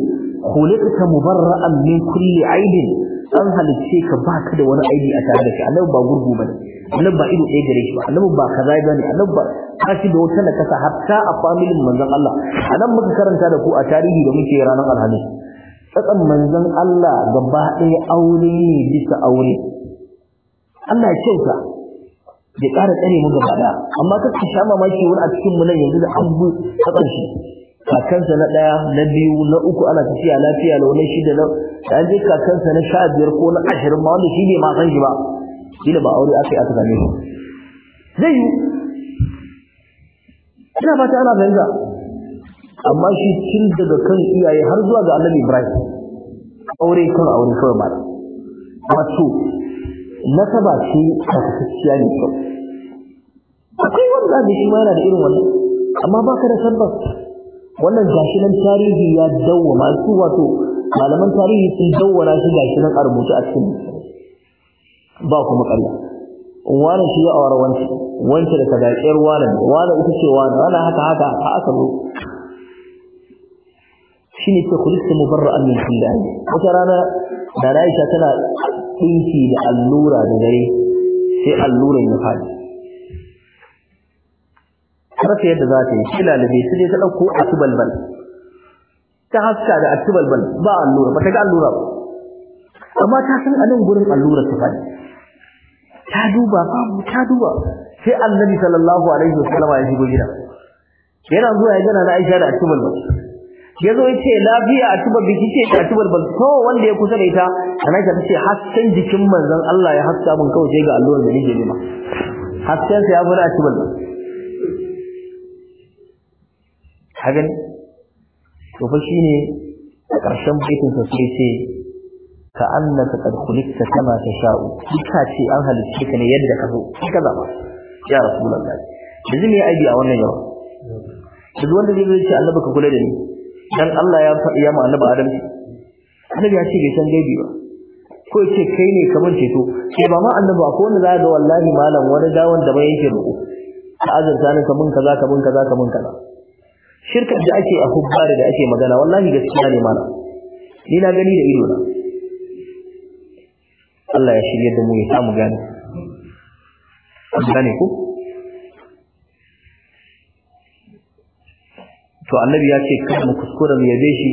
Speaker 1: khuliqta mubarra'an min kulli aibin an halicce ka baka da wani aibi a tare da shi annabi ba gurgu bane annabi ba ido ɗaya gare shi ba annabi ba kaza ya gane annabi ba shi da wata nakasa hatta a familin manzon Allah anan muka karanta da ku a tarihi da muke ranar alhamis tsakan manzon Allah gaba ɗaya aure ne bisa aure Allah ya kyauta ya ƙara tsare mu gaba ɗaya amma kaka sha mamaki wani a cikin mu nan yanzu da an bu tsakan shi kakansa na ɗaya na biyu na uku ana tafiya lafiya da wani shida na an je kakansa na sha biyar ko na ashirin ma wanda shi bai ma san shi ba kila ba aure aka yi aka same shi zai yi ina fata ana fahimta amma shi tun daga kan iyaye har zuwa ga annabi ibrahim aure kan aure kawai ba wato nasaba ce tsakakkiya ne kyau akwai wanda da shi ma yana da irin wannan amma ba ka da tabbas wannan gashi nan tarihi ya dawo su wato malaman tarihi sun dawo na shi gashi nan a rubuce a cikin ba kuma ƙarya wani shi ya awar wanci wanci da sadaƙiyar wani wani ita ce wani wani haka haka a aka zo shi ne ce kulista mubarra'an da hillani wata rana da Aisha tana ɗinki da allura da dare sai alluran ya faɗi rasa yadda za ta yi shi lalabe su ne ta ɗauko a tubalbal ta haska da a tubalbal ba allura ba ta ga allura ba amma ta san a nan gurin allura ta faɗi ta duba babu ta duba sai annabi sallallahu alaihi wasallam ya shigo gida yana zuwa ya gana da Aisha da Atubal ba ya zo yace lafiya Atubal bi ce ta Atubal ba to wanda ya kusa da ita ana ta ce hasken jikin manzon Allah ya haska mun kawai sai ga alluran da nake nema hasken sa ya bar Atubal ba hagan to fa shine a ƙarshen baitin sa sai ka annaka qad khuliqta kama tasha'u kika ce an halicce ka ne yadda ka so kika zama ya rasulullahi yanzu ya aibi a wannan yawa duk wanda zai ce annabi ka kula da ni dan Allah ya faɗi ya mu annabi Adam annabi ya ce bai san gaibi ba ko ce kai ne kamar to ke ba ma annabi ko wanda za ga wallahi malam wani gawan da bai yake roƙo ka azurta ni kamun kaza kamun kaza kamun kaza shirkar da ake a hubbari da ake magana wallahi gaskiya ne malam ni na gani da ido na Allah ya shirye da mu ya samu gane gane ku to annabi ya ce kada mu kuskura mu yabe shi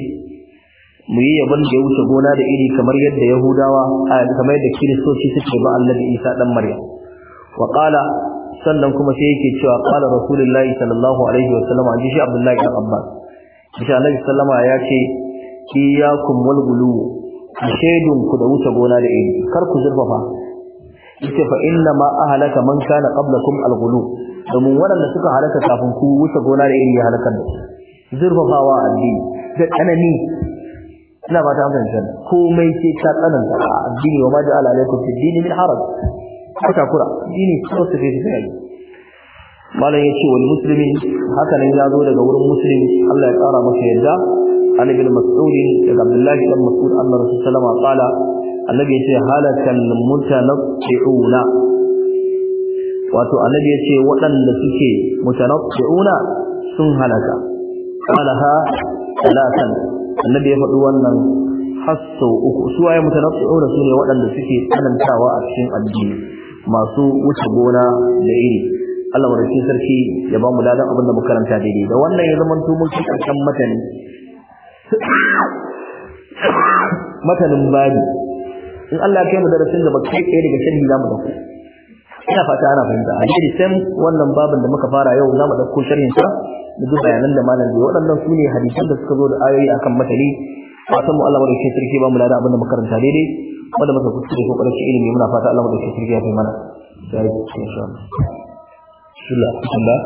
Speaker 1: mu yi yabon da ya wuce gona da iri kamar yadda yahudawa kamar yadda kiristoci suke ba annabi isa dan maryam wa qala sannan kuma sai yake cewa qala rasulullahi sallallahu alaihi wa sallam an shi abdullahi ibn abbas insha Allah sallama ya ce iyyakum wal a shaidun ku da wuce gona da iri kar ku zurfafa yace fa inna ma ahlaka man kana qablakum alghulu domin waɗanda suka halaka kafin ku wuce gona da iri ya halaka da zurfafawa addini da tsanani ina ba ta amfani komai sai ta tsananta a addini wa ma ja'ala alaikum fi dini min haraj ko takura dini ko su fi sai malam yace wal muslimin haka nan ya zo daga wurin muslimi Allah ya kara masa yadda an ibn mas'ud daga abdullah ibn mas'ud anna rasul sallama qala annabi yace halakal mutanaqqi'una wato annabi yace waɗanda suke mutanaqqi'una sun halaka
Speaker 2: qalaha talatan
Speaker 1: annabi ya faɗi wannan hasso uku su waye mutanaqqi'una sune waɗanda suke tsanantawa a cikin addini masu wuce gona da iri Allah wa sarki ya ba mu ladan abin da mu karanta daidai da wannan ya zama mun kai karshen matani matanin bani in Allah ya kai mu darasin da bakai tsaye daga sharhi zamu dauko ina fata ana fahimta a yi sam wannan babin da muka fara yau zamu dauko sharhin sa da duk bayanan da malam bai waɗannan su ne hadisan da suka zo da ayoyi akan matali san mu Allah shi sarki ba mu lada abin da makaranta daidai wanda muka kuskure ko karshe ilimi muna fata Allah madaukakin sarki ya fi mana sai insha Allah bismillah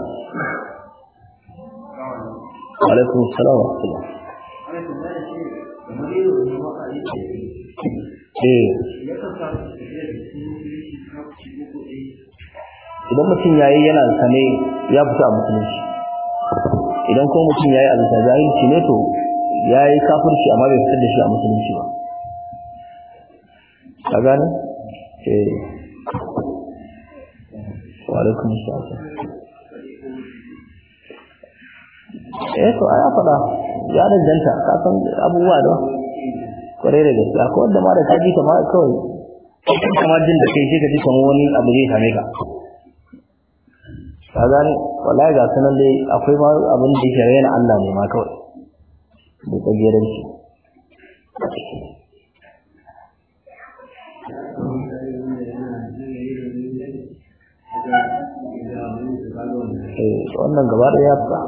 Speaker 1: alaikum assalam wa idan mutum ya yi yana sane ya fita a musulunci idan kuma mutum ya yi a bisa jahilci ne to ya yi kafirci amma bai fitar da shi a musulunci ba a gane? eh wa alaikum salam eh to ya fada ya danganta ka san abubuwa da kwarai da gaske ko wanda ma da ka ji kamar kawai kuma jin da kai sai ka ji kamar wani abu zai same ka ka gani wallahi ga sanan dai akwai ma abin da yake raina Allah ne ma kawai da tsagerin shi eh, wannan gaba da ya fita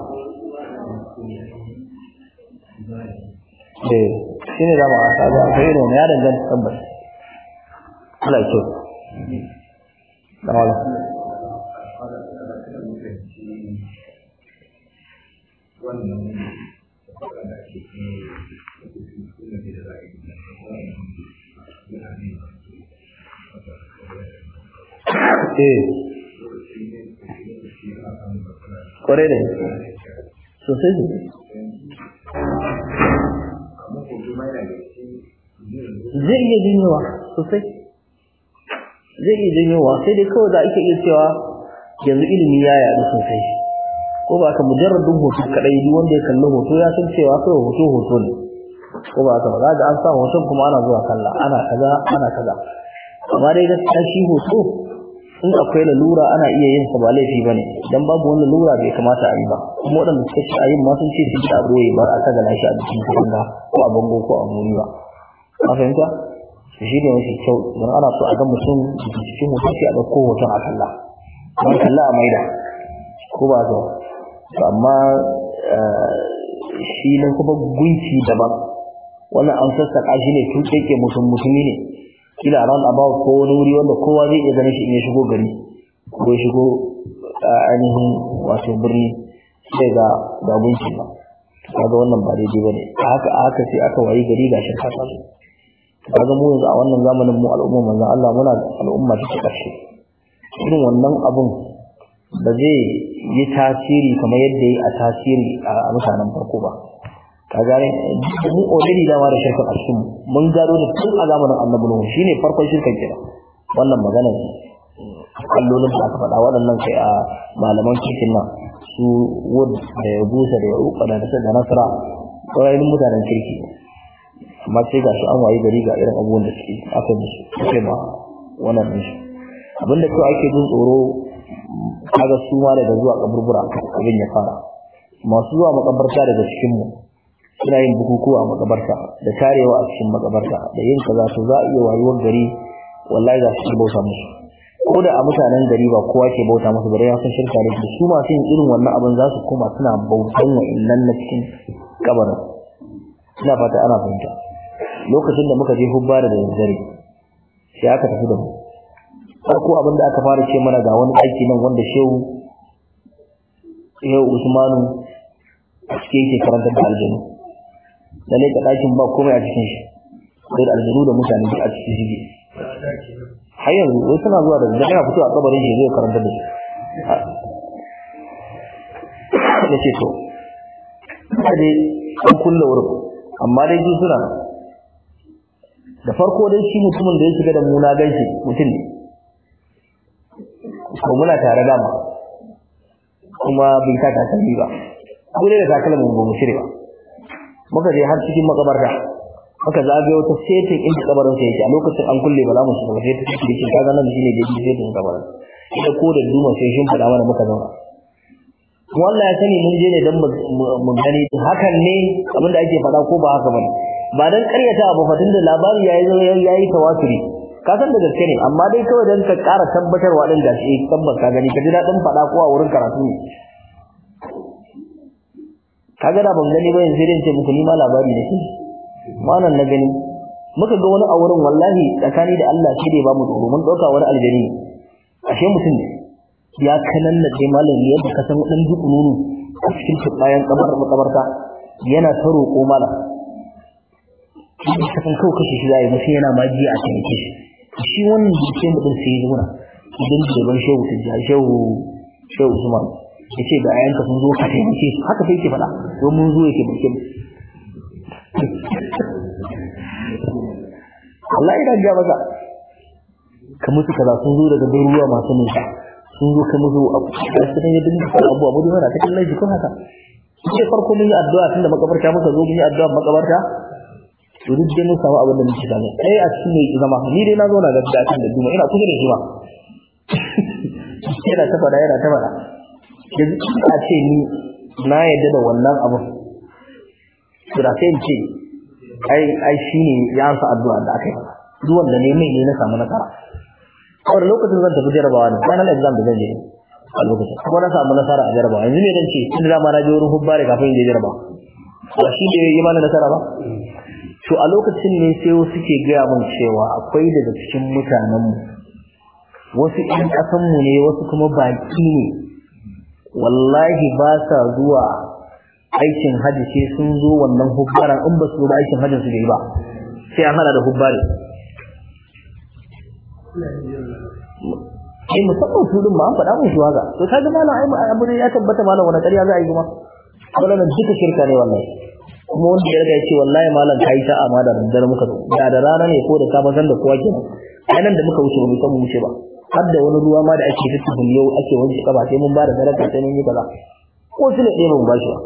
Speaker 1: eh shi ne dama a saba akwai irin ya danganta tabbas Allah ya
Speaker 2: da
Speaker 3: eh. kwarai da sosai zai iya janyowa
Speaker 1: sosai zai iya janyowa sai dai kawai za a iya cewa yanzu ilimi ya yaɗu sosai ko ba ka mujarradin hoto kaɗai duk wanda ya kalli hoto ya san cewa kawai hoto hoto ne ko ba ka ba za an sa hoton kuma ana zuwa kalla ana kaza ana kaza amma dai gaskiya shi hoto in akwai lalura ana iya yin sa ba laifi ba ne don babu wani lalura bai kamata a yi ba kuma waɗanda suka ci a yin ma sun ce su ji a ba a kaga shi a jikin kuɗin ba ko a bango ko a muni ba a fahimta shi ne mafi kyau don ana so a ga mutum da cikin mutum sai a ɗauko hoton a kalla don kalla a maida ko ba zo amma eh, shi ne kuma gunki daban wannan an sassaƙa shi ne tun ƙeƙe mutum mutumi ne kila ran about ko wani wuri wanda kowa zai iya ganin shi in ya shigo gari ko ya shigo eh, ainihin wato birni sai ga ga gunki ba kaga wannan ba daidai ne haka haka sai aka wayi gari gashin kasa kaga mu yanzu a wannan zamanin mu al'umma manzon Allah muna al'umma ta karshe irin wannan abun ba zai yi tasiri kamar yadda yi a tasiri a mutanen farko ba Kaga ne mu already dama da shirka a cikin mun gado da tun a zamanin annabi nuhu shine farkon shirkan kira wannan maganar kallolin da aka faɗa waɗannan kai a malaman cikin nan su wood da ya busa da ya uka da nasara ƙwararrun mutanen kirki amma sai shi an wayi gari ga irin abubuwan da suke aka musu suke ma wannan din shi abinda kawai ake jin tsoro kaga su ma daga zuwa kaburbura abin ya fara masu zuwa makabarta daga cikin mu suna yin bukukuwa a makabarta da tarewa a cikin makabarta da yin kaza to za a iya wayuwar gari wallahi za su bauta musu ko da a mutanen gari ba kowa ke bauta musu bare ya san shirka ne su masu yin irin wannan abin za su koma suna bautan wa'annan na cikin kabarin ina fata ana fahimta lokacin da muka je hubbara da dare sai aka tafi da mu farko abin da aka fara ce mana ga wani aiki nan wanda shehu shehu usmanu a cikin yake karanta da aljanu lalle ka ɗakin ba komai a cikin shi sai da aljanu da mutane a cikin shi har yanzu wai suna zuwa da zai yana fito a kabarin shi zai karanta da shi ya ce to dai an kulle wurin amma dai su suna da farko dai shi mutumin da ya shiga da muna gaishe mutum ne ko muna tare da mu kuma bin ta ta sani ba ko ne da takalmin mun mu shirya muka je har cikin makabarta muka zage wata setin inda kabarin sai yake a lokacin an kulle ba za mu shiga sai ta cikin kaga nan shine da yake setin kabarin ita ko da duma sai shin fada mana muka zauna wallahi sani mun je ne dan mu gani hakan ne abinda ake fada ko ba haka bane ba dan karyata abu fatin da labari yayi zo yayi tawaturi ka san da gaske ne amma dai kawai dan ka ƙara tabbatarwa ɗin gashi eh tabbas ka gani ka ji dadin faɗa ko a wurin karatu ne kaga da ban gani ba yanzu dai ce ma labari ne manan na gani muka ga wani a wurin wallahi tsakani da Allah shi dai ba mu tsoro mun dauka wani aljani ashe mutum ne ya kanan na dai malami yadda ka san dan duku nono a cikin bayan kamar yana ta roƙo malam shi ne kasan kawai kashe shi yayi mutum yana ma jiya a taimake shi
Speaker 2: to shi wannan jikin
Speaker 1: da sai ya zauna idan shugaban shehu tijja shehu shehu usman ya ce ga ayanka sun zo ka taimake su haka sai ke faɗa don mun zo ya taimake mu
Speaker 3: Allah ya dajiya maza
Speaker 1: ka musu kaza sun zo daga garuruwa masu nisa sun zo ka musu a cikin yadda muka fara abu mu dai muna ta kallon jikin haka ce farko mun yi addu'a tunda makabarta muka zo mun yi addu'a makabarta to duk dai mun samu abin da muke samu kai a cikin mai zama ni dai na zauna da dakin da duma ina kusa da shi yana ta fada yana ta fada yanzu a ce ni na yadda da wannan abin to da sai ce ai ai shine ya amsa addu'a da aka yi duk wanda ne mai ne na samu nasara kawai lokacin zan tafi jarabawa ne ranar exam da zan je a lokacin kuma na samu nasara a jarabawa yanzu me zan ce tun da ma na je wurin hubbare kafin je jarabawa ba shi ne ya yi mana nasara ba to a lokacin ne sai wasu ke gaya min cewa akwai daga cikin mutanenmu wasu ƴan ƙasanmu ne wasu kuma baƙi ne wallahi ba sa zuwa aikin hajji sai sun zo wannan hubbaran in ba su zo aikin hajjin su bai ba sai an hada da hubbari ai eh, musamman su din ma an faɗa zuwa ga? to ga malam ai abu ne ya tabbata malam wani ƙarya za a yi kuma wannan duka shirka ne wallahi kuma wanda ya riga ya ce wallahi malam yi sa'a ma da daddare muka zo da da rana ne ko da safa san da kowa ke nan da muka wuce mu san mu wuce ba har da wani ruwa ma da ake fitu yau ake wanke kaba sai mun ba da daraka sai mun yi kaza ko su ne mun ba shi ba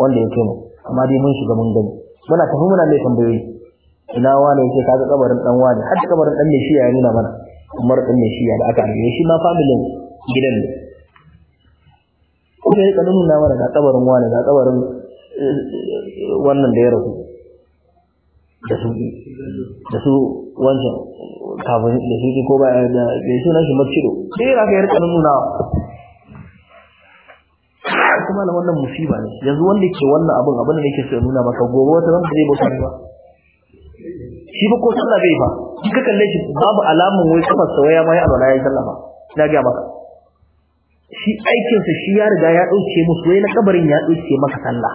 Speaker 1: wanda ya kai mu amma dai mun shiga mun gani muna tafi muna mai tambayoyi ina wane ka ga kabarin dan wane har da kabarin dan mai shi ya nuna mana Umar dan mai shi ya da aka ne shi ma familin gidan ne kuma ka nuna mana ga kabarin wane ga kabarin wannan da ya rasu da su da su wancan kafin da shi ko ba da da shi nashi macido sai ya ka yarka nuna kuma na wannan musiba ne yanzu wanda ke wannan abin abin da yake so nuna maka gobe wata ran zai bauta ba shi ba ko sallah bai ba in ka kalle shi babu alamun wai kafa sa waya mai alwala ya sallah ba na ga maka shi aikinsa shi ya riga ya dauke musu wai na kabarin ya dauke maka sallah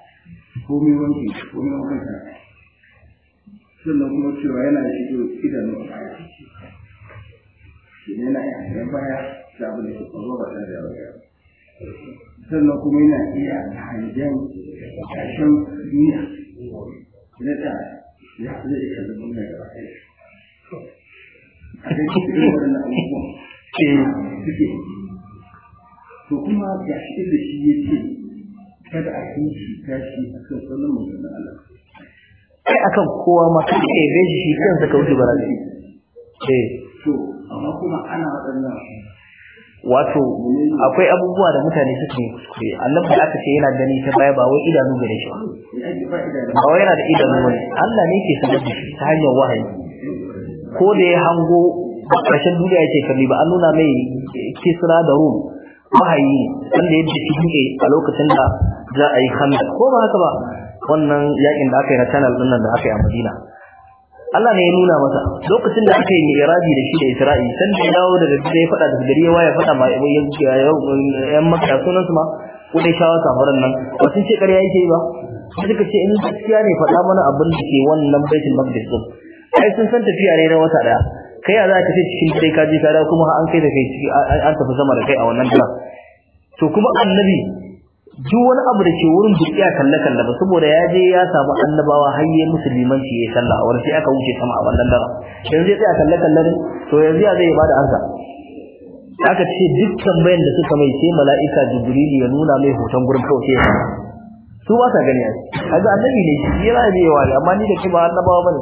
Speaker 3: komai wanke shi, komai wankan sa sannan kuma cewa yana da ido idanu a baya yana da baya da abin da ke faruwa ba tare da yawa sannan kuma yana iya hangen ƙarshen duniya na da ya fi zai kalli duniya gaba ɗaya a kai cikin waɗannan abubuwan eh. suke to kuma ga shi da shi ya ce kada a yi shi tashi a kan sauran magana Allah
Speaker 1: kai akan kowa ma kai ke bai shi kansa ka wuce bara eh
Speaker 3: to amma kuma ana wadannan
Speaker 1: wato akwai abubuwa da mutane suke kuskure Allah da aka ce yana gani ta baya ba wai idanu gare shi
Speaker 3: ba wai yana da idanu wani
Speaker 1: Allah ne ke sanar da shi ta hanyar wahayi ko da ya hango ƙarshen duniya yake kalli ba an nuna mai kisra da rum wahayi wanda yadda shi ne a lokacin da za a yi hannun ko ba haka ba wannan yakin da aka yi na channel din nan da aka yi a Madina Allah ne ya nuna masa lokacin da aka yi mi'raji da shi da Isra'i san da dawo daga gida ya fada da gari ya waya fada ma yan makka sunan su ma kudai shawa samarar nan ba sun ce ƙarya yake ba sai suka ce in gaskiya ne faɗa mana abin da ke wannan baitin maqdis din ai sun san tafiya ne na wata daya kai a za ka ce cikin dare ka je ka dawo kuma an kai da kai ciki an tafi sama da kai a wannan dara to kuma annabi duk wani abu da ke wurin dukiya kalle kalle ba saboda ya je ya samu annabawa har yayi musulmanci yayi sallah a wurin sai aka wuce sama a wannan dara yanzu ya tsaya kalle kalle to yanzu ya zai bada ansa aka ce duk tambayan da suka mai sai mala'ika jibrili ya nuna mai hoton gurin kawai sai su ba sa gani a kaga annabi ne shi yana ne amma ni da ke ba annabawa bane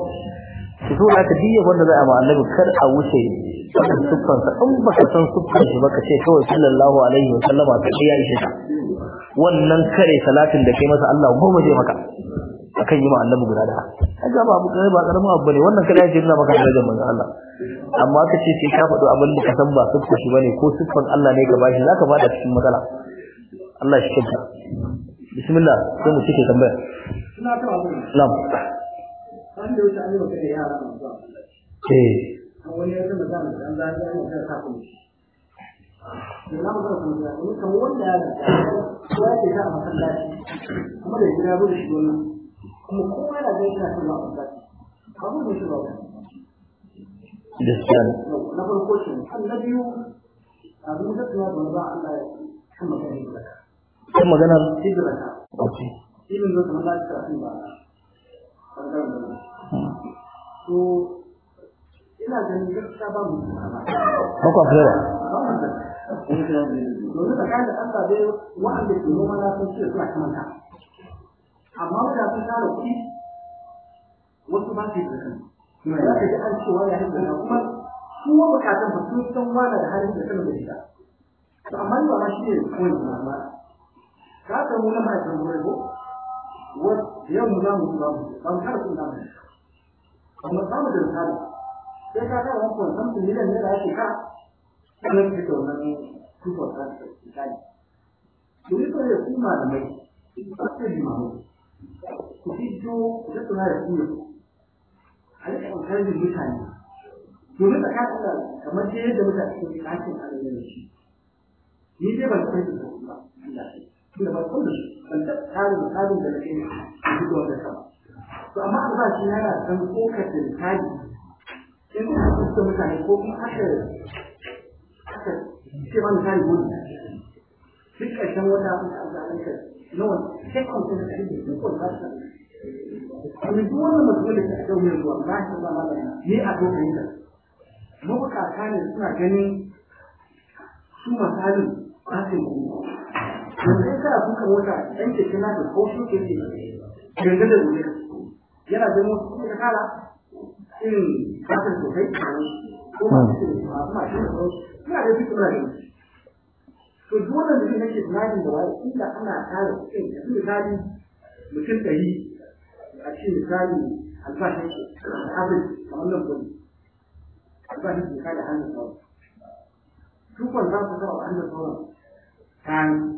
Speaker 1: shi so aka diya wanda za a ma kar a wuce wannan siffarsa in baka san siffar shi baka ce kawai sallallahu alaihi wa sallama ta ya ishe ta wannan kare salatin da kai masa Allah goma je maka akan yi ma guda da kaga ba abu kai ba karamin abu ne wannan kada yake nuna maka darajar manzon Allah amma ka ce sai ka faɗo abin da ka san ba siffar shi ba ne ko siffar Allah ne ka bashi ka bada cikin matsala Allah shi kinta bismillah sai mu cike tambaya
Speaker 3: na'am an da wuce an yi magana yara masu eh ya da mu ce a masallaci kuma kuma ba da ba Allah ya maganar. ba. Bakwa fi yawa. Domin tsakanin Allah dai wa'anda ke noma na sun ce suna kamanta. Amma wanda sun tara kuɗi wasu ba su yi zakan. Za ka an ce wani yayin da kuma su wa bukatun ba sun san wani da halin da kan da ita. Amma ba shi ne koyi ba. Ka samu na ma'aikatan wurin ko? Wasu yau mu za mu ci babu ba mu kara sun damu amma da misali sai ka kara wani kwanton miliyan ne da ake ka sannan ka ta wani kusa ta misali to yi kare su malamai ba su yi mamu ku jo da suna da su a rika encouraging mutane domin tsakanin da kamar da yadda mutane suke kakin alayyar shi ni dai ban san da ba Allah shi da farkon da ban taɓa tsarin tsarin da nake duk wanda ka ba to amma a bashi yana san kokacin tsari in ka kusa mutane ko kuma aka aka ce ban tsari gudu duk ƙarshen wata kuma a zaɓarka nawa sekon kuma da ake duk wanda ka Kuma duk wannan matsalar da ta ɗauke ruwa ba shi ba ma ni a dokarin ka. Mabukata ne suna ganin su masalin ba su yi yanzu kana kuka mota dan ke kina da kofi ke ke yanzu da wuri yana da mu kuka kala in ka ta ko kai ko ma ma shi ko ina da duk rai to duk wannan da nake tunani da wai inda ana kare kuɗin da duk gadi mutum ɗari a ce misali albashin abin a wannan gudu albashin ke kare hannun sauran tukon za su zama hannun sauran kayan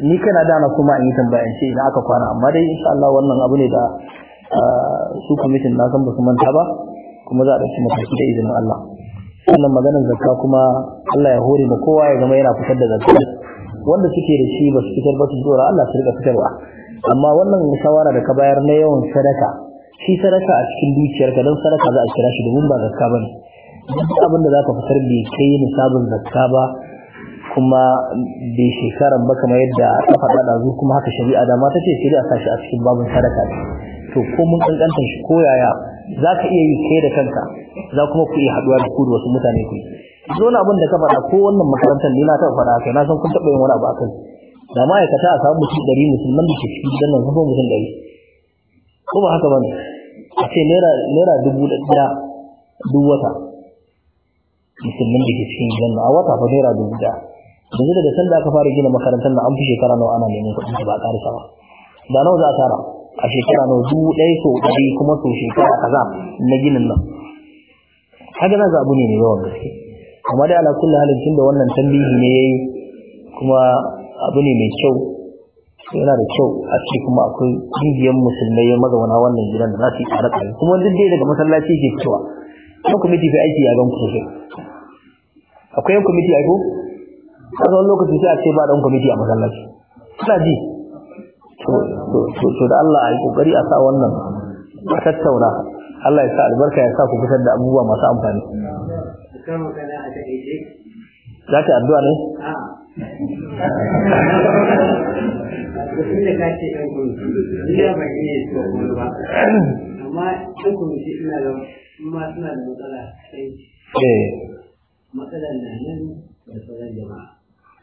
Speaker 1: ni kana dana kuma in yi tambaya ce idan aka kwana amma dai insha Allah wannan abu ne da ah, su kwamitin na san ba su manta ba kuma za a ɗauki mataki da izinin Allah wannan maganar zakka kuma Allah ya hore mu kowa ya zama yana fitar da zakka wanda suke da shi ba su fitar ba su dora Allah su rika fitarwa amma wannan shawara da ka bayar na yawan sadaka shi sadaka a cikin dukiyarka don sadaka za a kira shi domin ba zakka bane duk abin da zaka fitar bai kai nisabin zakka ba kuma bai shekaran ba kamar yadda a faɗa da zuwa kuma haka shari'a da mata ce shari'a sashi a cikin babin sadaka ne to ko mun kankanta shi ko yaya za ka iya yi kai da kanka za kuma ku iya haɗuwa da ku da wasu mutane ku zona abin da ka faɗa ko wannan makarantar ne na ta faɗa kai na san kun taɓa yin wani abu akan da ma'aikata a samu mutum ɗari musulman da ke cikin gidan nan kuma mutum ɗari ko ba haka ba ne a ce naira dubu ɗaya duk wata musulman da ke cikin gidan nan a wata fa naira dubu ɗaya yanzu daga sanda aka fara gina makarantar na an fi shekara nawa ana neman kuɗin ba ƙarisa ba da nawa za a tara a shekara nawa dubu ɗaya so ɗari kuma sau shekara kaza na ginin nan haka na zaɓu ne mai yawan gaske amma dai ala kulli halin tun da wannan tambihi ne yayi kuma abu ne mai kyau yana da kyau a ce kuma akwai ƙungiyar musulmai ya mazauna wannan gidan da za su yi tsare tsare kuma duk dai daga masallaci ke fitowa Akwai kwamiti fi aiki a gan kusa akwai yan kwamiti a ko A wani lokaci sai a ce ba dan kwamiti a masallaci ina ji to da Allah a yi kokari a sa wannan a tattauna Allah ya sa albarka ya sa ku fitar da abubuwa masu amfani za ta addu'a ne
Speaker 3: amma eh. ɗan da eh. ma da matsala na nan da sauran jama'a gaskiya ka a shi amma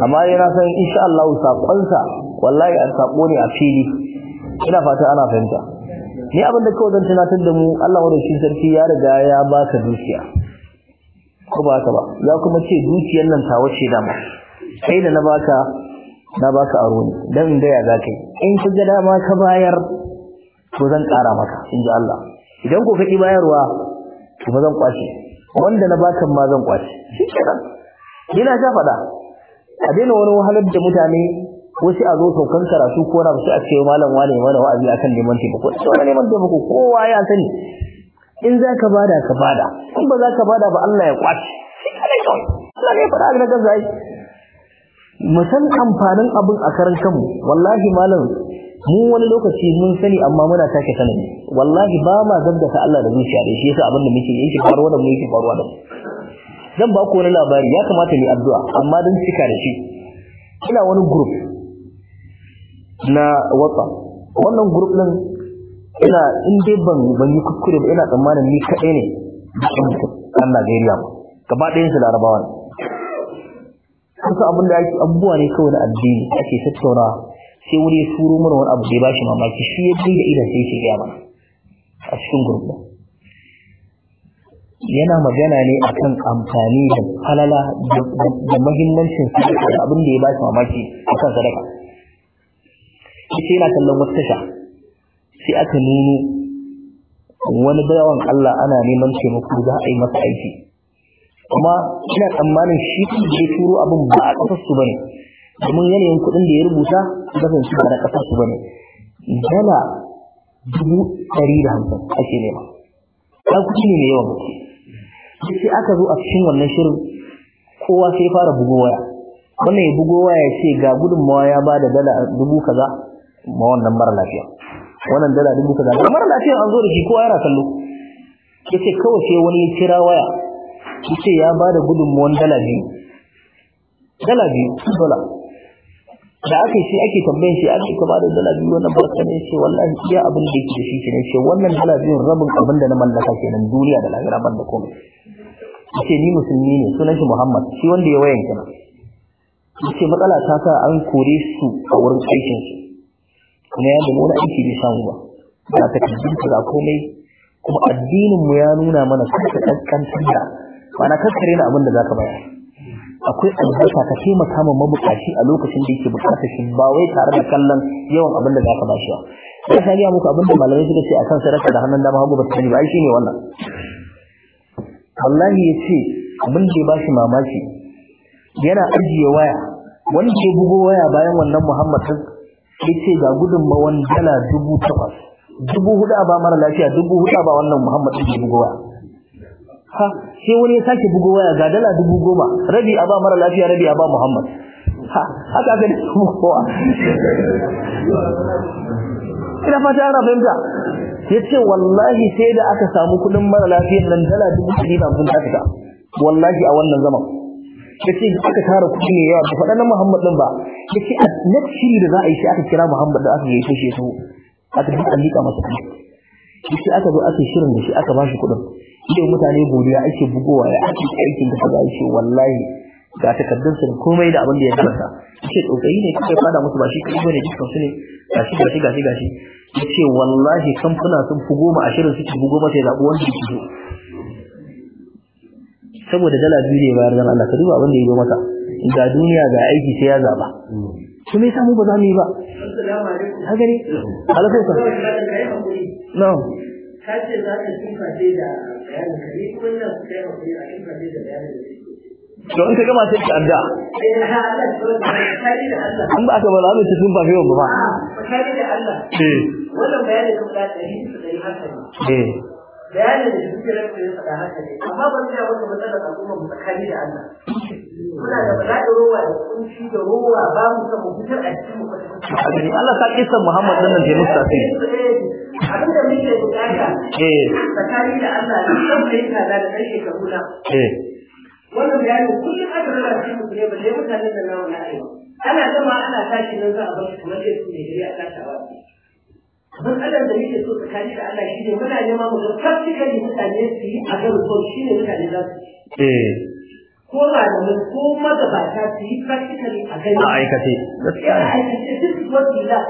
Speaker 1: dai na san insha Allah sakonsa wallahi a sako ne a fili ina fata ana fahimta ni abinda da kawai zan tunatar da mu Allah shi sarki ya riga ya baka dukiya ko ba ka ba ya kuma ce dukiyar nan ta dama kai da na baka na ba su aro ne don in gaya za ka yi in ka ga dama ka bayar to zan ƙara maka in ji Allah idan ko kaɗi bayarwa to ba zan kwashe wanda na baka ma zan kwashe shi nan yana sha faɗa a daina wani wahalar da mutane wasu a zo saukan karatu ko na su a ce malam wane mana wa'azi akan neman taimako to wani neman taimako kowa ya sani in za ka bada ka bada in ba za ka bada ba Allah ya kwashe
Speaker 2: shi kawai Allah ne faɗa
Speaker 1: a gaza mu san amfanin abin a karan kanmu wallahi malam mu wani lokaci mun sani amma muna sake sanin wallahi ba ma ta Allah da zuciya da shi yasa abin da muke yake faruwa da mu yake faruwa da mu zan ba ku wani labari ya kamata ni addu'a amma dan cika da shi ina wani group na wata wannan group din ina in dai ban ban yi kuskure ba ina tsammanin ni kadai ne a Najeriya gaba ɗayan su larabawa ne kusa abin da ake abubuwa ne kawai na addini ake tattaunawa, sai wani ya turo mana wani abu da ya shi mamaki shi ya bai da idan sai ke gaya mana a cikin gurbi yana magana ne akan amfani da falala da mahimmancin sadaka da abin da ya shi mamaki akan sadaka sai yana kallon wata tasha sai aka nuno wani bawan Allah ana neman taimako za a yi masa aiki kuma ina tsammanin shi da ya turo abin ba a kasar su bane domin yanayin kuɗin da ya rubuta zafin su ba da kasar su bane dala dubu ɗari da hamsin ake nema ya kuɗi ne mai yawan gaske sai aka zo a cikin wannan shirin kowa sai fara bugo waya wannan ya bugo waya ya ce ga gudunmawa ya ba da dala dubu kaza ma wannan mara lafiya wannan dala dubu kaza mara lafiya an zo da shi kowa yana kallo ya ce kawai sai wani ya kira waya shi ce ya ba da gudunmuwan dala biyu dala biyu dala da aka yi shi ake tambayin shi ake ka ba da dala biyu wannan barka ne ce wallahi iya abin da yake da shi ne ce wannan dala biyu rabin abin da na mallaka kenan duniya da lahira ban da komai ce ni musulmi ne sunan shi Muhammad shi wanda ya wayan kina ce matsala ta sa an kore su a wurin aikin su kuma ya da wani aiki bai samu ba ba ta kaddin da komai kuma addinin mu ya nuna mana kuma ta kankan da kwana kakkare na abin da zaka bayar akwai albarka ka taimaka ma mabukaci a lokacin da yake bukata shi ba wai tare da kallon yawan abin da zaka bashi ba sai ka ga muku abin da malamai suka ce akan sarrafa da hannun dama hagu ba ta ba shi ne wannan wallahi yace abin da ya bashi mamaki yana ajiye waya wanda ke bugo waya bayan wannan Muhammad ya ce ga gudunmawan dala dubu takwas dubu hudu a ba mara lafiya dubu hudu a ba wannan Muhammad ke bugo waya ha sai wani ya sake bugo waya ga dala dubu goma rabi a ba mara lafiya rabi a ba muhammad ha haka ga ne kowa ina fata ana fahimta ya ce wallahi sai da aka samu kudin mara lafiyar nan dala dubu ɗari na kun wallahi a wannan zaman ya ce aka tara kuɗi ne yawa ba faɗa na muhammad ɗin ba ya ce a next shiri da za a yi shi aka kira muhammad da aka yi shi su aka bi an liƙa masa kuɗi ya ce aka zo aka shirin da shi aka ba shi kuɗin yau mutane godiya ake bugowa ya ake aikin da kaza yake wallahi ga takardun su komai da abin da ya karanta yace kokari ne kake fada musu ba shi kai bane dukkan su ne gashi gashi gashi gashi yace wallahi kamfuna sun fi goma ashirin suke bugo mata ya zabi wanda yake saboda dala biyu ne bayar dan Allah ka duba abin da ya zo mata ga duniya ga aiki sai ya zaba to me samu ba za mu yi ba
Speaker 3: assalamu alaikum ha gani alaikum no kace za ka tuka da ka to in ka gama sai
Speaker 1: adda eh, an ba ka ba za ci ba ba
Speaker 3: ba ah, eh. wannan kuma da da bayanin da suke rabu ya faɗa haka ne amma ba su wata matsalar al'umma mu tsakani da Allah Kuna da bala'in ruwa da kunci da ruwa ba mu samu fitar a cikin mu kwata Allah ka kisa Muhammad din nan Jamus tafi eh, abin da muke bukata eh tsakani da Allah ne san da yana da dan shekaru na eh wannan bayanin kullum aka rara shi mu ne ba balle mutanen da nawa na aiwa ana zama ana tashi nan za a bar su kuma yadda su ne gari a tashi a wasu matsalar da yake so tsakani da Allah shine muna neman mu practically mutane su yi a kan so ne mutane za su eh ko malamin ko magabata su yi practically a kan a aikace a aikace duk wani da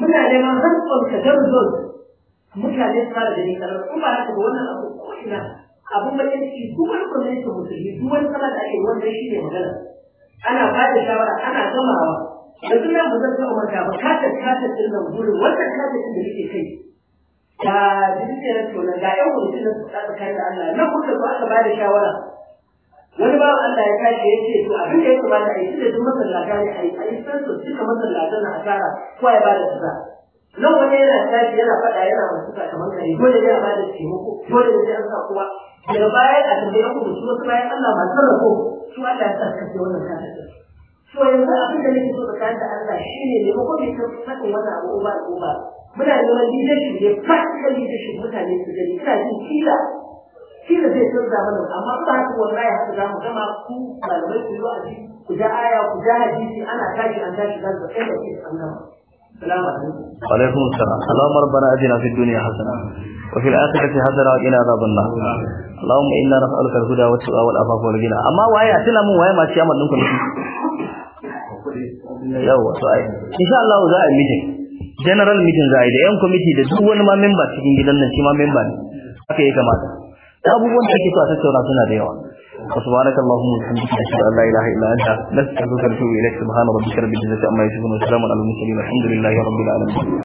Speaker 3: muna neman hankalin ka dan mutane su fara da ni karar kuma ba ka wannan abu ko ina abun bakin ciki duk wani gwamnati musulmi duk wani sama da ake wannan shine magana ana ba da shawara ana gamawa yanzu nan ba zan taɓa maka ba kata kata din nan gurin wannan kata din da nake kai da dukiyar tona ga yan wurin nan su tsaka kai Allah na kuka ba aka ba da shawara wani ba Allah ya kace ya ce to abin da ya kamata a yi shi da duk masallata ne a yi a yi san su duka masallata na asara ko ya ba da su nan wani yana tashi yana faɗa yana masu kamar kare dole ne a ba da taimako dole ne an sa kowa daga baya a tambaye ku su wasu bayan Allah masu rabo su Allah ya sa kashe wannan kata to yanzu abin da nake so tsakanin da Allah shi ne ne mako mai san sakin wannan abu ba da ba muna neman leadership ne practical leadership mutane su gani kana jin kila kila zai canza mana amma ba haka wallahi haka za mu gama ku malamai ku yi wa'azi ku ja aya ku ja hadisi ana tashi an tashi za su kai da ke an gama السلام
Speaker 1: اللهم ربنا اتنا في الدنيا حسنه وفي الاخره حسنه وقنا عذاب النار اللهم انا نسالك الهدى والتقى والعفاف والغنى اما وهي اتنا من وهي ما تيامن دنكم
Speaker 2: yawa to ai insha
Speaker 1: Allah za a meeting general meeting za yi da yan committee da duk wani ma member cikin gidan nan shi ma member ne haka ya kamata da abubuwan da ke so a tattauna suna da yawa سبحانك اللهم
Speaker 2: وبحمدك da ان لا اله الا انت نستغفرك ونتوب اليك سبحان ربك رب العزه عما يصفون وسلام على المرسلين لله رب العالمين